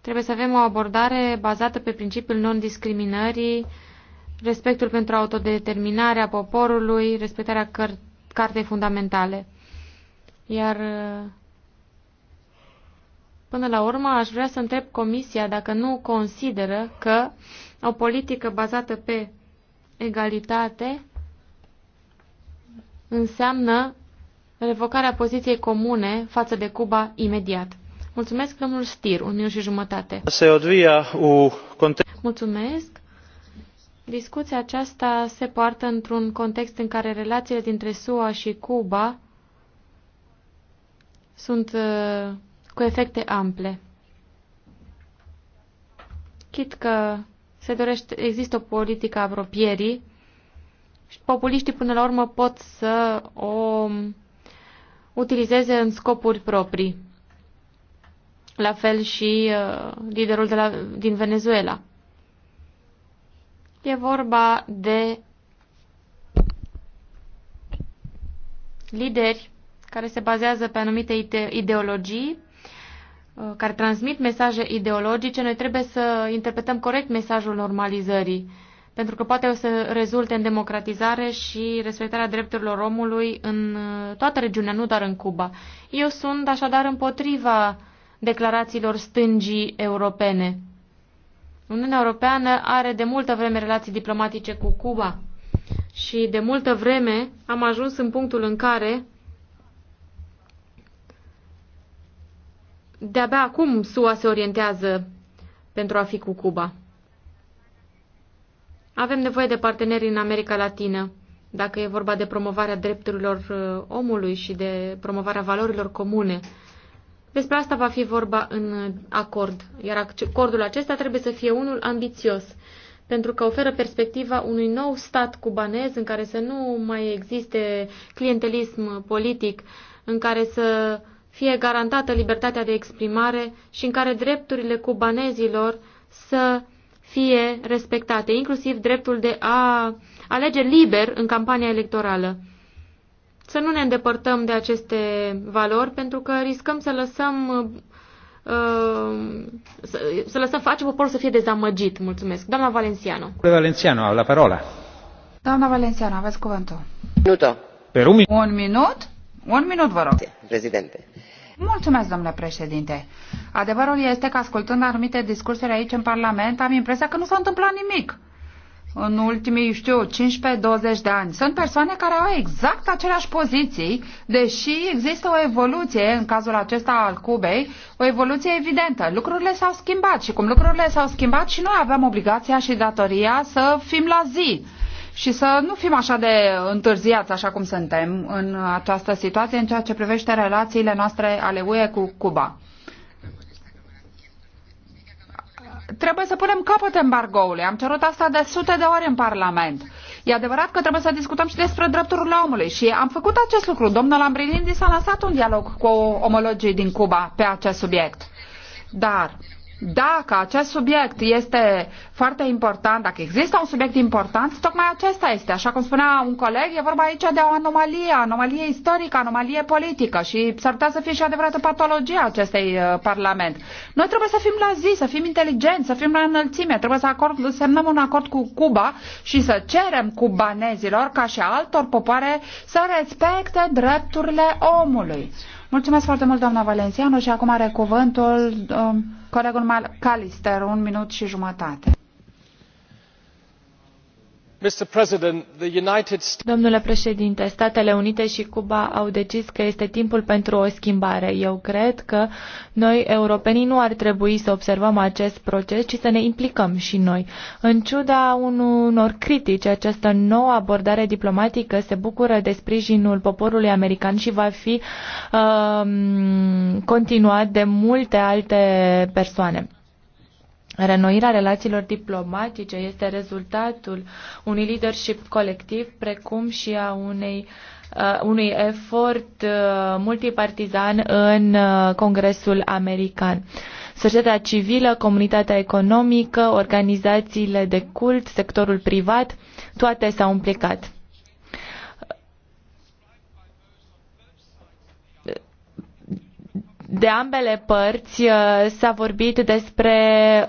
Trebuie să avem o abordare bazată pe principiul non-discriminării, respectul pentru autodeterminarea poporului, respectarea Cartei Fundamentale. Iar până la urmă aș vrea să întreb Comisia dacă nu consideră că o politică bazată pe egalitate înseamnă revocarea poziției comune față de Cuba imediat. Mulțumesc, domnul Stir, un minut și jumătate. Se odvia u Mulțumesc. Discuția aceasta se poartă într-un context în care relațiile dintre SUA și Cuba sunt uh, cu efecte ample. Chit că se dorește, există o politică a apropierii și populiștii până la urmă pot să o utilizeze în scopuri proprii. La fel și uh, liderul de la, din Venezuela. E vorba de lideri care se bazează pe anumite ideologii, uh, care transmit mesaje ideologice. Noi trebuie să interpretăm corect mesajul normalizării, pentru că poate o să rezulte în democratizare și respectarea drepturilor omului în uh, toată regiunea, nu doar în Cuba. Eu sunt așadar împotriva declarațiilor stângii europene. Uniunea Europeană are de multă vreme relații diplomatice cu Cuba și de multă vreme am ajuns în punctul în care de-abia acum SUA se orientează pentru a fi cu Cuba. Avem nevoie de parteneri în America Latină, dacă e vorba de promovarea drepturilor uh, omului și de promovarea valorilor comune. Despre asta va fi vorba în acord, iar acordul acesta trebuie să fie unul ambițios, pentru că oferă perspectiva unui nou stat cubanez în care să nu mai existe clientelism politic, în care să fie garantată libertatea de exprimare și în care drepturile cubanezilor să fie respectate, inclusiv dreptul de a alege liber în campania electorală să nu ne îndepărtăm de aceste valori, pentru că riscăm să lăsăm uh, să, să lăsăm face poporul să fie dezamăgit. Mulțumesc. Doamna Valenciano. Doamna Valenciano, la parola. Doamna Valenciano, aveți cuvântul. Minută. Pe un, minut. un minut? Un minut, vă rog. Președinte. Mulțumesc, domnule președinte. Adevărul este că ascultând anumite discursuri aici în Parlament, am impresia că nu s-a întâmplat nimic în ultimii, știu, 15-20 de ani. Sunt persoane care au exact aceleași poziții, deși există o evoluție, în cazul acesta al Cubei, o evoluție evidentă. Lucrurile s-au schimbat și cum lucrurile s-au schimbat și noi avem obligația și datoria să fim la zi și să nu fim așa de întârziați așa cum suntem în această situație în ceea ce privește relațiile noastre ale UE cu Cuba. trebuie să punem capăt embargoului. Am cerut asta de sute de ori în Parlament. E adevărat că trebuie să discutăm și despre drepturile omului și am făcut acest lucru. Domnul s a lansat un dialog cu omologii din Cuba pe acest subiect. Dar dacă acest subiect este foarte important, dacă există un subiect important, tocmai acesta este. Așa cum spunea un coleg, e vorba aici de o anomalie, anomalie istorică, anomalie politică și s-ar putea să fie și adevărată patologie a acestei uh, Parlament. Noi trebuie să fim la zi, să fim inteligenți, să fim la înălțime, trebuie să acord, semnăm un acord cu Cuba și să cerem cubanezilor, ca și altor popoare, să respecte drepturile omului. Mulțumesc foarte mult, doamna Valențianu, și acum are cuvântul um, colegul Calister, un minut și jumătate domnule președinte statele unite și cuba au decis că este timpul pentru o schimbare. eu cred că noi europenii nu ar trebui să observăm acest proces ci să ne implicăm și noi. în ciuda unor critici această nouă abordare diplomatică se bucură de sprijinul poporului american și va fi uh, continuat de multe alte persoane. Renoirea relațiilor diplomatice este rezultatul unui leadership colectiv, precum și a unei uh, unui efort uh, multipartizan în uh, Congresul American. Societatea civilă, comunitatea economică, organizațiile de cult, sectorul privat, toate s-au implicat. de ambele părți uh, s-a vorbit despre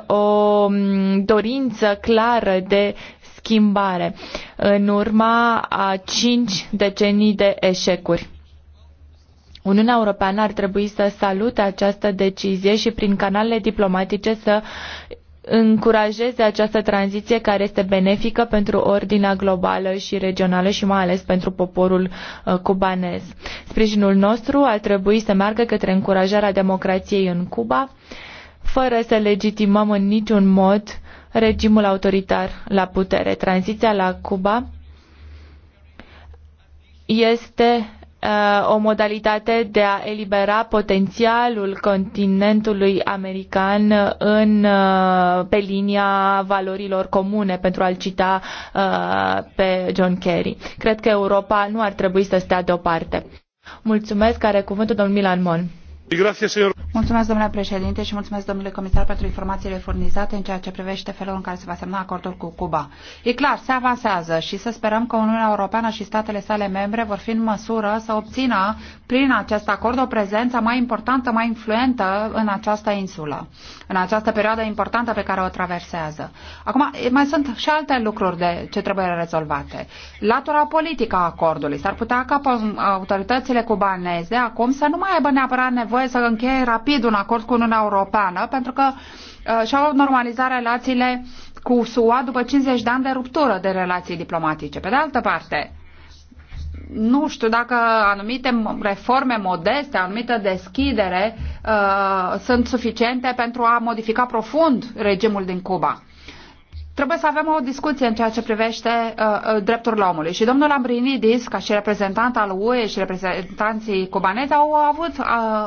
o mm, dorință clară de schimbare în urma a cinci decenii de eșecuri. Uniunea Europeană ar trebui să salute această decizie și prin canalele diplomatice să încurajeze această tranziție care este benefică pentru ordinea globală și regională și mai ales pentru poporul uh, cubanez. Sprijinul nostru ar trebui să meargă către încurajarea democrației în Cuba, fără să legitimăm în niciun mod regimul autoritar la putere. Tranziția la Cuba este Uh, o modalitate de a elibera potențialul continentului american în, uh, pe linia valorilor comune, pentru a-l cita uh, pe John Kerry. Cred că Europa nu ar trebui să stea deoparte. Mulțumesc, are cuvântul domnul Milan Mon. Mulțumesc, domnule președinte, și mulțumesc, domnule comisar, pentru informațiile furnizate în ceea ce privește felul în care se va semna acordul cu Cuba. E clar, se avansează și să sperăm că Uniunea Europeană și statele sale membre vor fi în măsură să obțină prin acest acord o prezență mai importantă, mai influentă în această insulă, în această perioadă importantă pe care o traversează. Acum, mai sunt și alte lucruri de ce trebuie rezolvate. Latura politică a acordului. S-ar putea ca autoritățile cubaneze acum să nu mai aibă neapărat nevoie nevoie să încheie rapid un acord cu Uniunea Europeană pentru că uh, și-au normalizat relațiile cu SUA după 50 de ani de ruptură de relații diplomatice. Pe de altă parte, nu știu dacă anumite reforme modeste, anumită deschidere uh, sunt suficiente pentru a modifica profund regimul din Cuba. Trebuie să avem o discuție în ceea ce privește uh, uh drepturile omului. Și domnul Ambrinidis, ca și reprezentant al UE și reprezentanții cubanezi, au avut uh,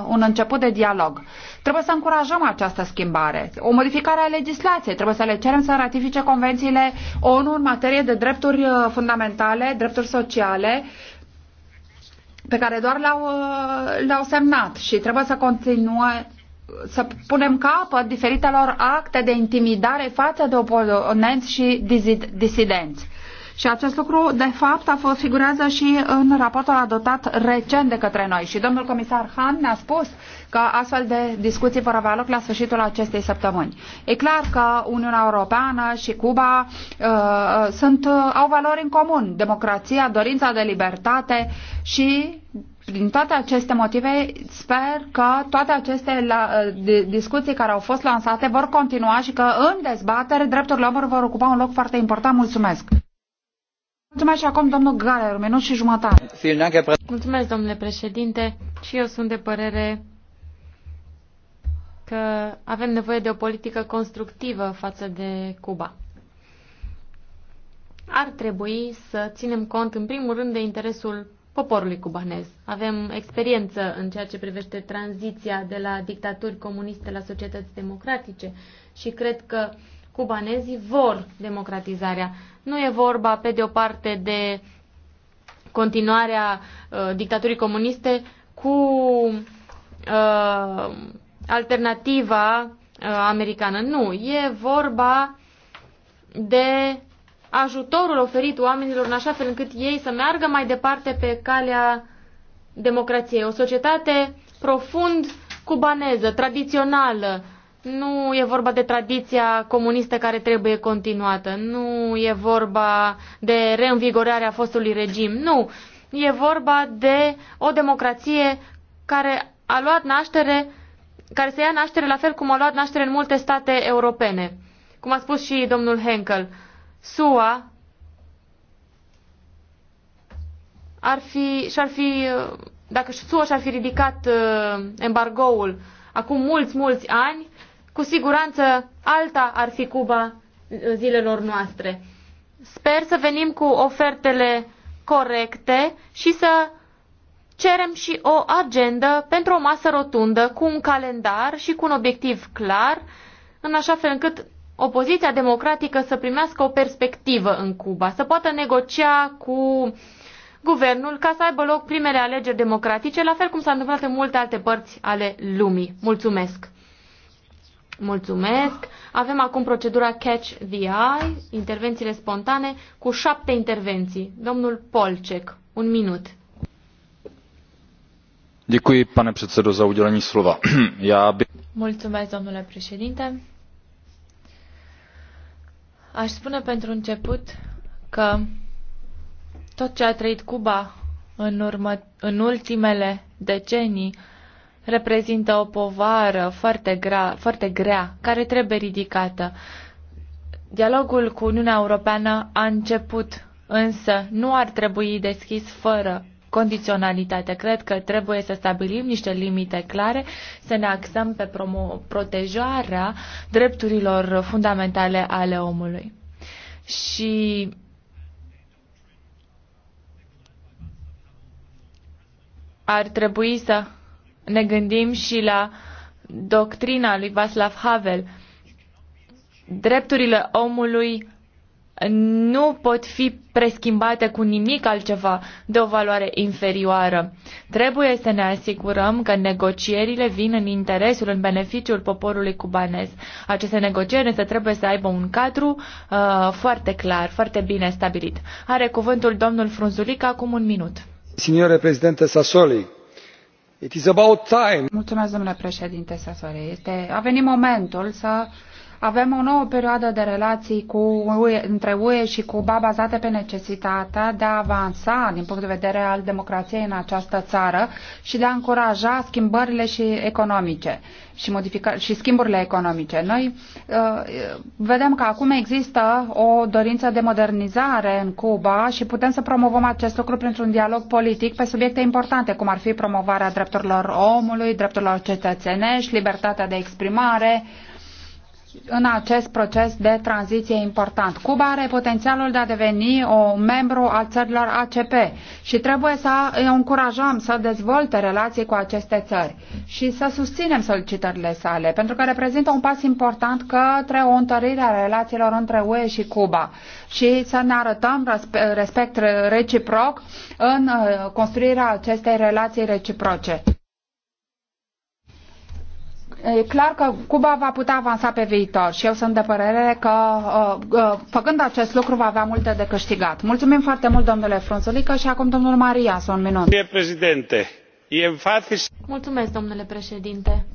un început de dialog. Trebuie să încurajăm această schimbare, o modificare a legislației. Trebuie să le cerem să ratifice convențiile ONU în materie de drepturi uh, fundamentale, drepturi sociale pe care doar le-au, uh, le-au semnat și trebuie să continuăm să punem capăt diferitelor acte de intimidare față de oponenți și disidenți. Și acest lucru, de fapt, a fost figurează și în raportul adoptat recent de către noi. Și domnul comisar Han ne-a spus că astfel de discuții vor avea loc la sfârșitul acestei săptămâni. E clar că Uniunea Europeană și Cuba uh, sunt, uh, au valori în comun, democrația, dorința de libertate și din toate aceste motive, sper că toate aceste la, ă, discuții care au fost lansate vor continua și că în dezbatere drepturile omului vor ocupa un loc foarte important. Mulțumesc! Mulțumesc și acum domnul Galer, minut și jumătate. Mulțumesc, domnule președinte, și eu sunt de părere că avem nevoie de o politică constructivă față de Cuba. Ar trebui să ținem cont, în primul rând, de interesul poporului cubanez. Avem experiență în ceea ce privește tranziția de la dictaturi comuniste la societăți democratice și cred că cubanezii vor democratizarea. Nu e vorba, pe de o parte, de continuarea uh, dictaturii comuniste cu uh, alternativa uh, americană. Nu, e vorba de ajutorul oferit oamenilor în așa fel încât ei să meargă mai departe pe calea democrației. O societate profund cubaneză, tradițională. Nu e vorba de tradiția comunistă care trebuie continuată. Nu e vorba de reînvigorarea fostului regim. Nu. E vorba de o democrație care a luat naștere, care se ia naștere la fel cum a luat naștere în multe state europene. Cum a spus și domnul Henkel SUA ar fi, și-ar fi, dacă SUA și-ar fi ridicat uh, embargoul acum mulți, mulți ani, cu siguranță alta ar fi Cuba uh, zilelor noastre. Sper să venim cu ofertele corecte și să cerem și o agendă pentru o masă rotundă cu un calendar și cu un obiectiv clar, în așa fel încât opoziția democratică să primească o perspectivă în Cuba, să poată negocia cu guvernul ca să aibă loc primele alegeri democratice, la fel cum s-a întâmplat în multe alte părți ale lumii. Mulțumesc! Mulțumesc! Avem acum procedura Catch the Eye, intervențiile spontane, cu șapte intervenții. Domnul Polcek, un minut. Děkuji, pane předsedo, za udělení slova. Já by... Mulțumesc, domnule președinte. Aș spune pentru început că tot ce a trăit Cuba în, urmă, în ultimele decenii reprezintă o povară foarte, gra, foarte grea, care trebuie ridicată. Dialogul cu Uniunea Europeană a început, însă nu ar trebui deschis fără condiționalitate. Cred că trebuie să stabilim niște limite clare, să ne axăm pe protejarea drepturilor fundamentale ale omului. Și ar trebui să ne gândim și la doctrina lui Václav Havel. Drepturile omului nu pot fi preschimbate cu nimic altceva de o valoare inferioară. Trebuie să ne asigurăm că negocierile vin în interesul, în beneficiul poporului cubanez. Aceste negocieri însă trebuie să aibă un cadru uh, foarte clar, foarte bine stabilit. Are cuvântul domnul Frunzulic acum un minut. Signore președinte Sassoli, it is about time. Mulțumesc, domnule președinte Sassoli. Este, a venit momentul să avem o nouă perioadă de relații cu UE, între UE și Cuba bazate pe necesitatea de a avansa din punct de vedere al democrației în această țară și de a încuraja schimbările și economice și, modifica- și schimburile economice. Noi uh, vedem că acum există o dorință de modernizare în Cuba și putem să promovăm acest lucru printr-un dialog politic pe subiecte importante, cum ar fi promovarea drepturilor omului, drepturilor cetățenești, libertatea de exprimare, în acest proces de tranziție important. Cuba are potențialul de a deveni o membru al țărilor ACP și trebuie să îi încurajăm să dezvolte relații cu aceste țări și să susținem solicitările sale, pentru că reprezintă un pas important către o întărire a relațiilor între UE și Cuba și să ne arătăm respect reciproc în uh, construirea acestei relații reciproce. E clar că Cuba va putea avansa pe viitor și eu sunt de părere că uh, uh, făcând acest lucru va avea multe de câștigat. Mulțumim foarte mult, domnule Frunzulică, și acum domnul Maria Marias, un minut. Mulțumesc, domnule președinte.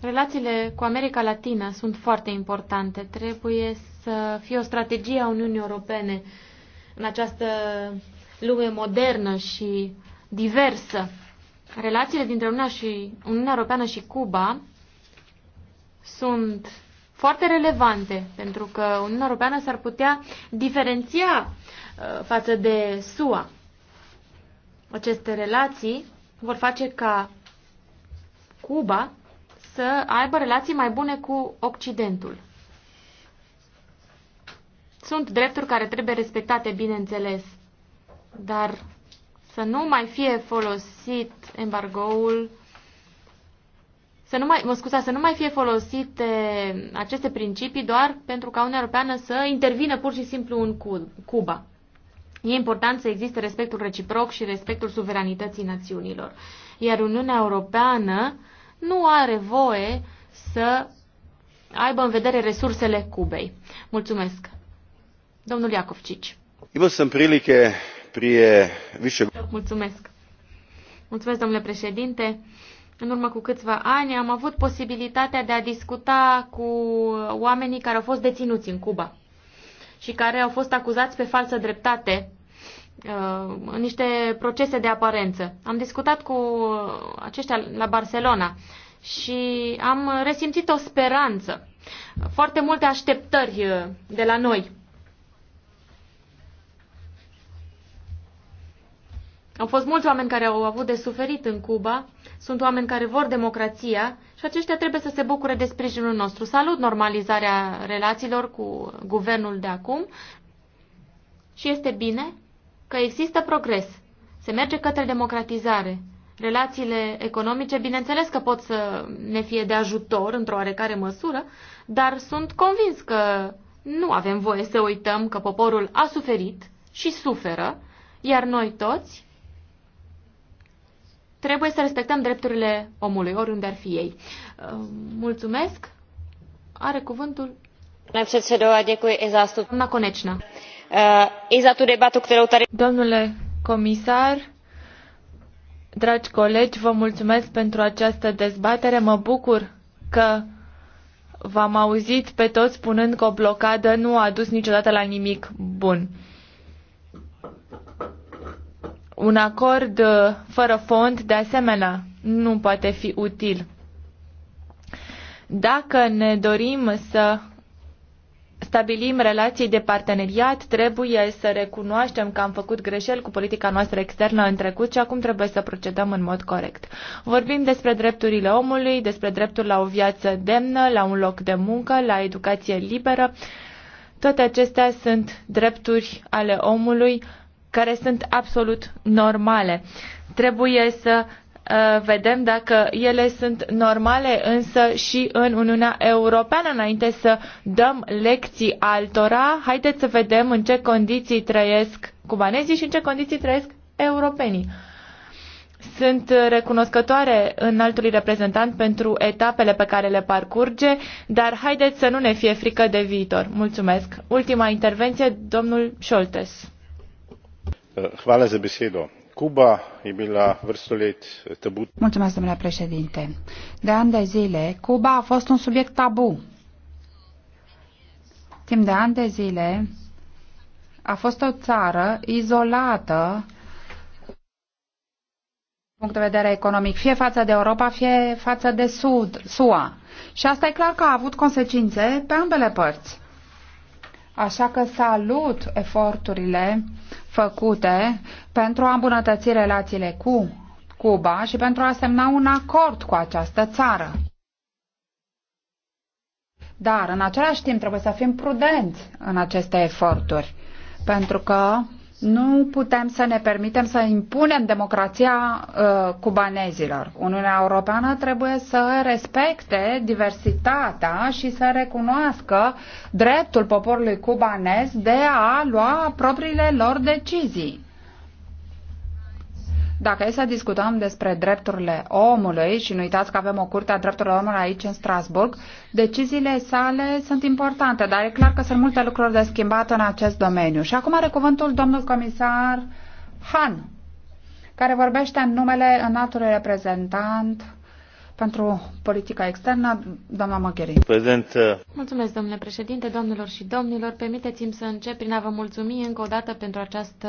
Relațiile cu America Latina sunt foarte importante. Trebuie să fie o strategie a Uniunii Europene în această lume modernă și diversă. Relațiile dintre Uniunea, și, Uniunea Europeană și Cuba sunt foarte relevante, pentru că Uniunea Europeană s-ar putea diferenția uh, față de SUA. Aceste relații vor face ca Cuba să aibă relații mai bune cu Occidentul. Sunt drepturi care trebuie respectate, bineînțeles, dar să nu mai fie folosit embargoul, să nu mai, mă scuza, să nu mai fie folosite aceste principii doar pentru ca Uniunea Europeană să intervină pur și simplu în Cuba. E important să existe respectul reciproc și respectul suveranității națiunilor. Iar Uniunea Europeană nu are voie să aibă în vedere resursele Cubei. Mulțumesc. Domnul Iacovcici. Imao sam prilike Mulțumesc. Mulțumesc, domnule președinte. În urmă cu câțiva ani am avut posibilitatea de a discuta cu oamenii care au fost deținuți în Cuba și care au fost acuzați pe falsă dreptate uh, în niște procese de aparență. Am discutat cu aceștia la Barcelona și am resimțit o speranță, foarte multe așteptări uh, de la noi. Au fost mulți oameni care au avut de suferit în Cuba, sunt oameni care vor democrația și aceștia trebuie să se bucure de sprijinul nostru. Salut normalizarea relațiilor cu guvernul de acum și este bine că există progres. Se merge către democratizare. Relațiile economice, bineînțeles că pot să ne fie de ajutor într-o oarecare măsură, dar sunt convins că nu avem voie să uităm că poporul a suferit și suferă, iar noi toți Trebuie să respectăm drepturile omului, oriunde ar fi ei. Uh, mulțumesc. Are cuvântul. Doamna Konečna. Uh, Domnule comisar, dragi colegi, vă mulțumesc pentru această dezbatere. Mă bucur că v-am auzit pe toți spunând că o blocadă nu a dus niciodată la nimic bun. Un acord uh, fără fond, de asemenea, nu poate fi util. Dacă ne dorim să stabilim relații de parteneriat, trebuie să recunoaștem că am făcut greșeli cu politica noastră externă în trecut și acum trebuie să procedăm în mod corect. Vorbim despre drepturile omului, despre dreptul la o viață demnă, la un loc de muncă, la educație liberă. Toate acestea sunt drepturi ale omului care sunt absolut normale. Trebuie să uh, vedem dacă ele sunt normale însă și în Uniunea Europeană înainte să dăm lecții altora. Haideți să vedem în ce condiții trăiesc cubanezii și în ce condiții trăiesc europenii. Sunt recunoscătoare înaltului reprezentant pentru etapele pe care le parcurge, dar haideți să nu ne fie frică de viitor. Mulțumesc. Ultima intervenție, domnul Scholtes. Eh, eh, domnule președinte de ani de zile cuba a fost un subiect tabu. timp de ani de zile a fost o țară izolată din punct de vedere economic, fie față de Europa, fie față de Sud, SUA. Și asta e clar că a avut consecințe pe ambele părți. Așa că salut eforturile făcute pentru a îmbunătăți relațiile cu Cuba și pentru a semna un acord cu această țară. Dar, în același timp, trebuie să fim prudenți în aceste eforturi, pentru că nu putem să ne permitem să impunem democrația uh, cubanezilor. Uniunea Europeană trebuie să respecte diversitatea și să recunoască dreptul poporului cubanez de a lua propriile lor decizii. Dacă e să discutăm despre drepturile omului și nu uitați că avem o curte a drepturilor omului aici în Strasburg, deciziile sale sunt importante, dar e clar că sunt multe lucruri de schimbat în acest domeniu. Și acum are cuvântul domnul comisar Han, care vorbește în numele înaltului reprezentant pentru politica externă, doamna Mogherini. Prezent. Uh, Mulțumesc, domnule președinte, domnilor și domnilor. Permiteți-mi să încep prin a vă mulțumi încă o dată pentru această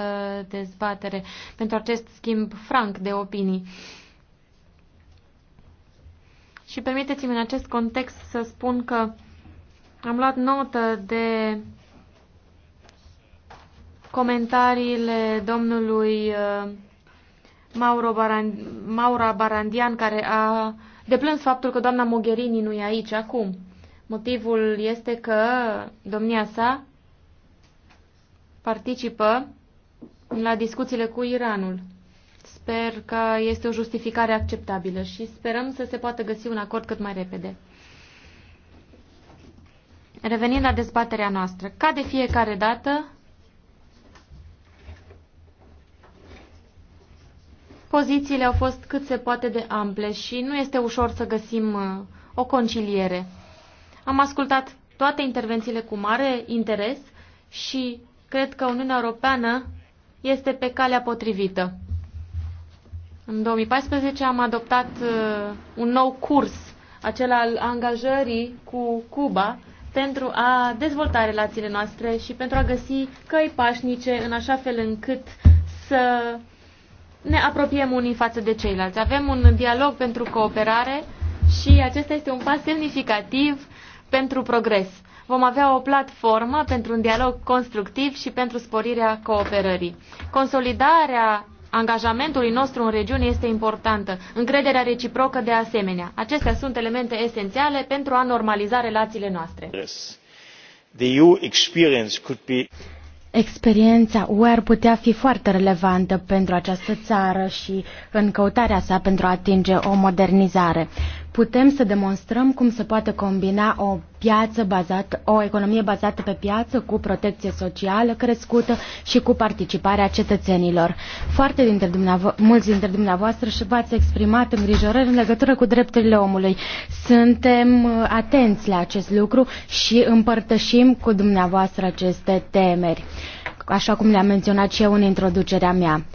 dezbatere, pentru acest schimb franc de opinii. Și permiteți-mi în acest context să spun că am luat notă de comentariile domnului uh, Mauro Barandian, Maura Barandian, care a plâns faptul că doamna Mogherini nu e aici acum. Motivul este că domnia sa participă la discuțiile cu Iranul. Sper că este o justificare acceptabilă și sperăm să se poată găsi un acord cât mai repede. Revenind la dezbaterea noastră, ca de fiecare dată, Pozițiile au fost cât se poate de ample și nu este ușor să găsim uh, o conciliere. Am ascultat toate intervențiile cu mare interes și cred că Uniunea Europeană este pe calea potrivită. În 2014 am adoptat uh, un nou curs, acela al angajării cu Cuba, pentru a dezvolta relațiile noastre și pentru a găsi căi pașnice în așa fel încât să ne apropiem unii față de ceilalți. Avem un dialog pentru cooperare și acesta este un pas semnificativ pentru progres. Vom avea o platformă pentru un dialog constructiv și pentru sporirea cooperării. Consolidarea angajamentului nostru în regiune este importantă, încrederea reciprocă de asemenea. Acestea sunt elemente esențiale pentru a normaliza relațiile noastre. The EU experience could be... Experiența UE ar putea fi foarte relevantă pentru această țară și în căutarea sa pentru a atinge o modernizare putem să demonstrăm cum se poate combina o piață bazată, o economie bazată pe piață cu protecție socială crescută și cu participarea cetățenilor. Foarte dintre mulți dintre dumneavoastră și v-ați exprimat îngrijorări în legătură cu drepturile omului. Suntem uh, atenți la acest lucru și împărtășim cu dumneavoastră aceste temeri, așa cum le-am menționat și eu în introducerea mea.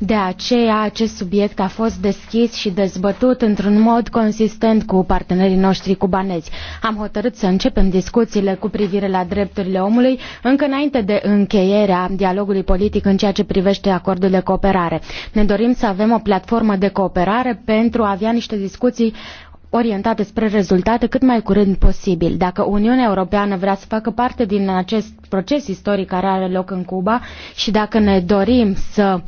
De aceea, acest subiect a fost deschis și dezbătut într-un mod consistent cu partenerii noștri cubanezi. Am hotărât să începem discuțiile cu privire la drepturile omului încă înainte de încheierea dialogului politic în ceea ce privește acordul de cooperare. Ne dorim să avem o platformă de cooperare pentru a avea niște discuții orientate spre rezultate cât mai curând posibil. Dacă Uniunea Europeană vrea să facă parte din acest proces istoric care are loc în Cuba și dacă ne dorim să uh,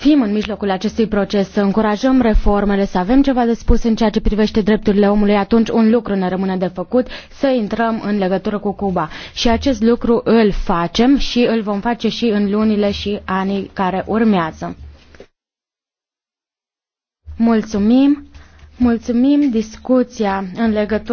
fim în mijlocul acestui proces, să încurajăm reformele, să avem ceva de spus în ceea ce privește drepturile omului, atunci un lucru ne rămâne de făcut, să intrăm în legătură cu Cuba. Și acest lucru îl facem și îl vom face și în lunile și anii care urmează. Mulțumim! Mulțumim discuția în legătură